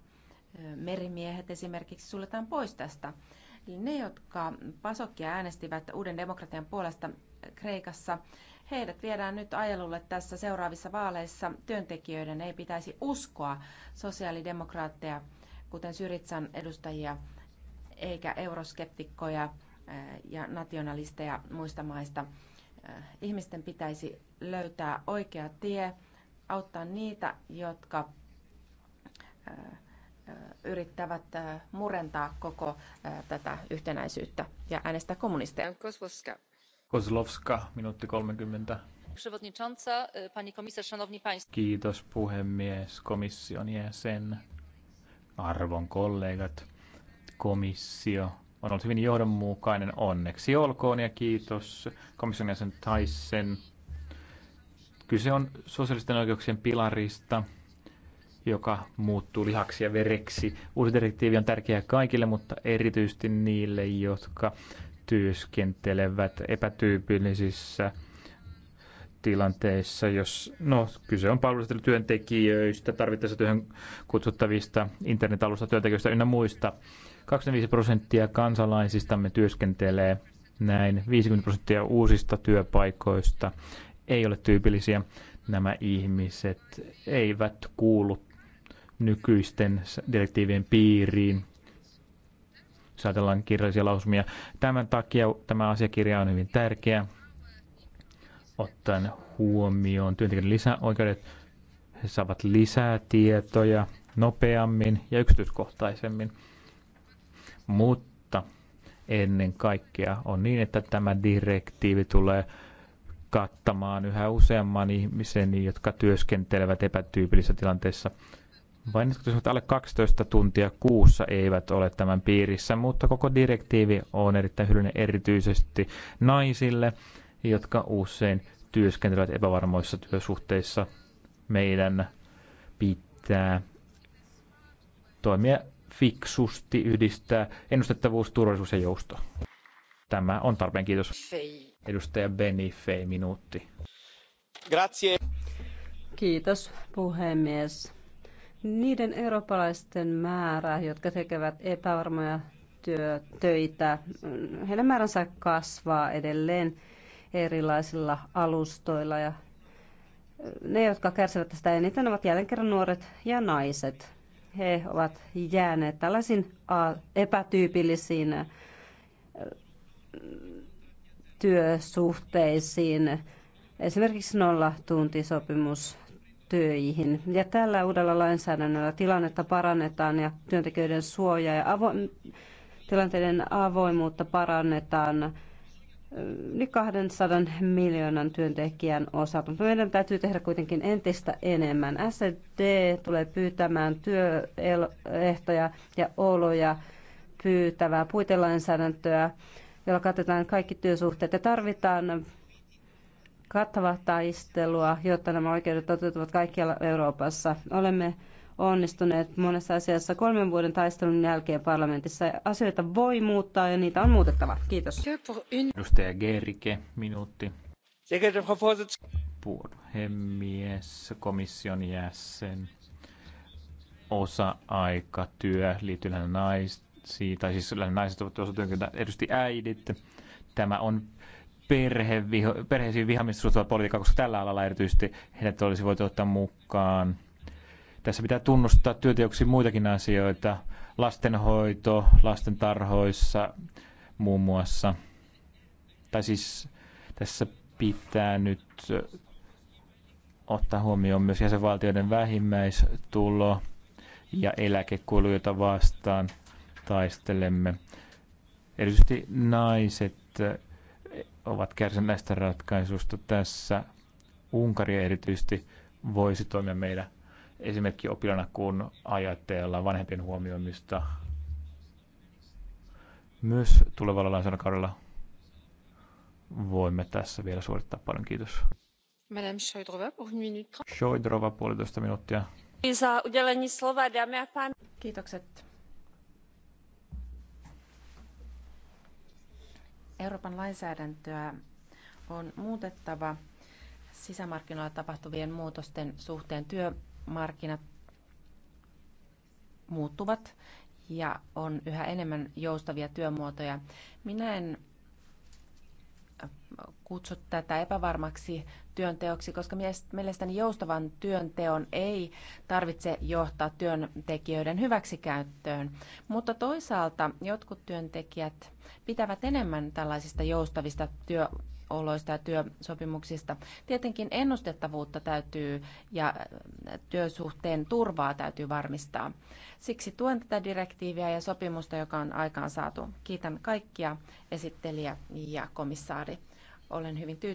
merimiehet esimerkiksi suljetaan pois tästä. Eli ne, jotka pasokkia äänestivät uuden demokratian puolesta Kreikassa, Heidät viedään nyt ajelulle tässä seuraavissa vaaleissa. Työntekijöiden ei pitäisi uskoa sosiaalidemokraatteja, kuten Syritsan edustajia, eikä euroskeptikkoja eh, ja nationalisteja muista maista. Eh, ihmisten pitäisi löytää oikea tie, auttaa niitä, jotka eh, yrittävät murentaa koko tätä yhtenäisyyttä ja äänestää kommunisteja. Kozlovska, minuutti Kiitos puhemies, komission jäsen, arvon kollegat. Komissio on ollut hyvin johdonmukainen, onneksi olkoon ja kiitos komission jäsen Tyson. Kyse on sosiaalisten oikeuksien pilarista, joka muuttuu lihaksi ja vereksi. Uusi direktiivi on tärkeä kaikille, mutta erityisesti niille, jotka työskentelevät epätyypillisissä tilanteissa, jos no, kyse on palveluista työntekijöistä, tarvittaessa työhön kutsuttavista internetalusta työntekijöistä ynnä muista. 25 prosenttia kansalaisistamme työskentelee näin, 50 prosenttia uusista työpaikoista ei ole tyypillisiä. Nämä ihmiset eivät kuulu nykyisten direktiivien piiriin jos ajatellaan kirjallisia lausumia. Tämän takia tämä asiakirja on hyvin tärkeä, ottaen huomioon työntekijän lisäoikeudet. He saavat lisää tietoja nopeammin ja yksityiskohtaisemmin. Mutta ennen kaikkea on niin, että tämä direktiivi tulee kattamaan yhä useamman ihmisen, jotka työskentelevät epätyypillisissä tilanteissa – vain jotka ovat alle 12 tuntia kuussa eivät ole tämän piirissä, mutta koko direktiivi on erittäin hyödyllinen erityisesti naisille, jotka usein työskentelevät epävarmoissa työsuhteissa. Meidän pitää toimia fiksusti, yhdistää ennustettavuus, turvallisuus ja jousto. Tämä on tarpeen, kiitos. Edustaja Fei, minuutti. Grazie. Kiitos puhemies. Niiden eurooppalaisten määrä, jotka tekevät epävarmoja työ, töitä, heidän määränsä kasvaa edelleen erilaisilla alustoilla ja ne, jotka kärsivät tästä eniten, ovat jälleen kerran nuoret ja naiset. He ovat jääneet tällaisiin epätyypillisiin työsuhteisiin, esimerkiksi nollatuntisopimus töihin. Ja tällä uudella lainsäädännöllä tilannetta parannetaan ja työntekijöiden suojaa ja avo- tilanteiden avoimuutta parannetaan yli 200 miljoonan työntekijän osalta. Meidän täytyy tehdä kuitenkin entistä enemmän. SD tulee pyytämään työehtoja ja oloja pyytävää puitelainsäädäntöä, jolla katsotaan kaikki työsuhteet. Ja tarvitaan kattavaa taistelua, jotta nämä oikeudet toteutuvat kaikkialla Euroopassa. Olemme onnistuneet monessa asiassa kolmen vuoden taistelun jälkeen parlamentissa. Asioita voi muuttaa ja niitä on muutettava. Kiitos. Edustaja Gerike, minuutti. Puhemies, komission jäsen, osa-aikatyö liittyy lähinnä naisiin, tai siis lähinnä naiset ovat osa työnkyntä, edusti äidit. Tämä on viho, perheisiin vihamista suhtuvat politiikkaa, koska tällä alalla erityisesti heidät olisi voitu ottaa mukaan. Tässä pitää tunnustaa työteoksi muitakin asioita, lastenhoito, lastentarhoissa muun muassa. Tai siis tässä pitää nyt ottaa huomioon myös jäsenvaltioiden vähimmäistulo ja eläkekuluja jota vastaan taistelemme. Erityisesti naiset ovat kärsineet näistä ratkaisuista. Tässä Unkari erityisesti voisi toimia meidän esimerkki opilana, kun ajatellaan vanhempien huomioimista myös tulevalla lainsäädäntökaudella voimme tässä vielä suorittaa paljon. Kiitos. Madame Shoidrova, pour une minute. Shoidrova, puolitoista minuuttia. Kiitokset Euroopan lainsäädäntöä on muutettava sisämarkkinoilla tapahtuvien muutosten suhteen. Työmarkkinat muuttuvat ja on yhä enemmän joustavia työmuotoja. Minä en kutsu tätä epävarmaksi työnteoksi, koska mielestäni joustavan työnteon ei tarvitse johtaa työntekijöiden hyväksikäyttöön. Mutta toisaalta jotkut työntekijät pitävät enemmän tällaisista joustavista työ, työoloista ja työsopimuksista. Tietenkin ennustettavuutta täytyy ja äh, työsuhteen turvaa täytyy varmistaa. Siksi tuen tätä direktiiviä ja sopimusta, joka on aikaan saatu. Kiitän kaikkia esittelijä ja komissaari. Olen hyvin tyytyväinen.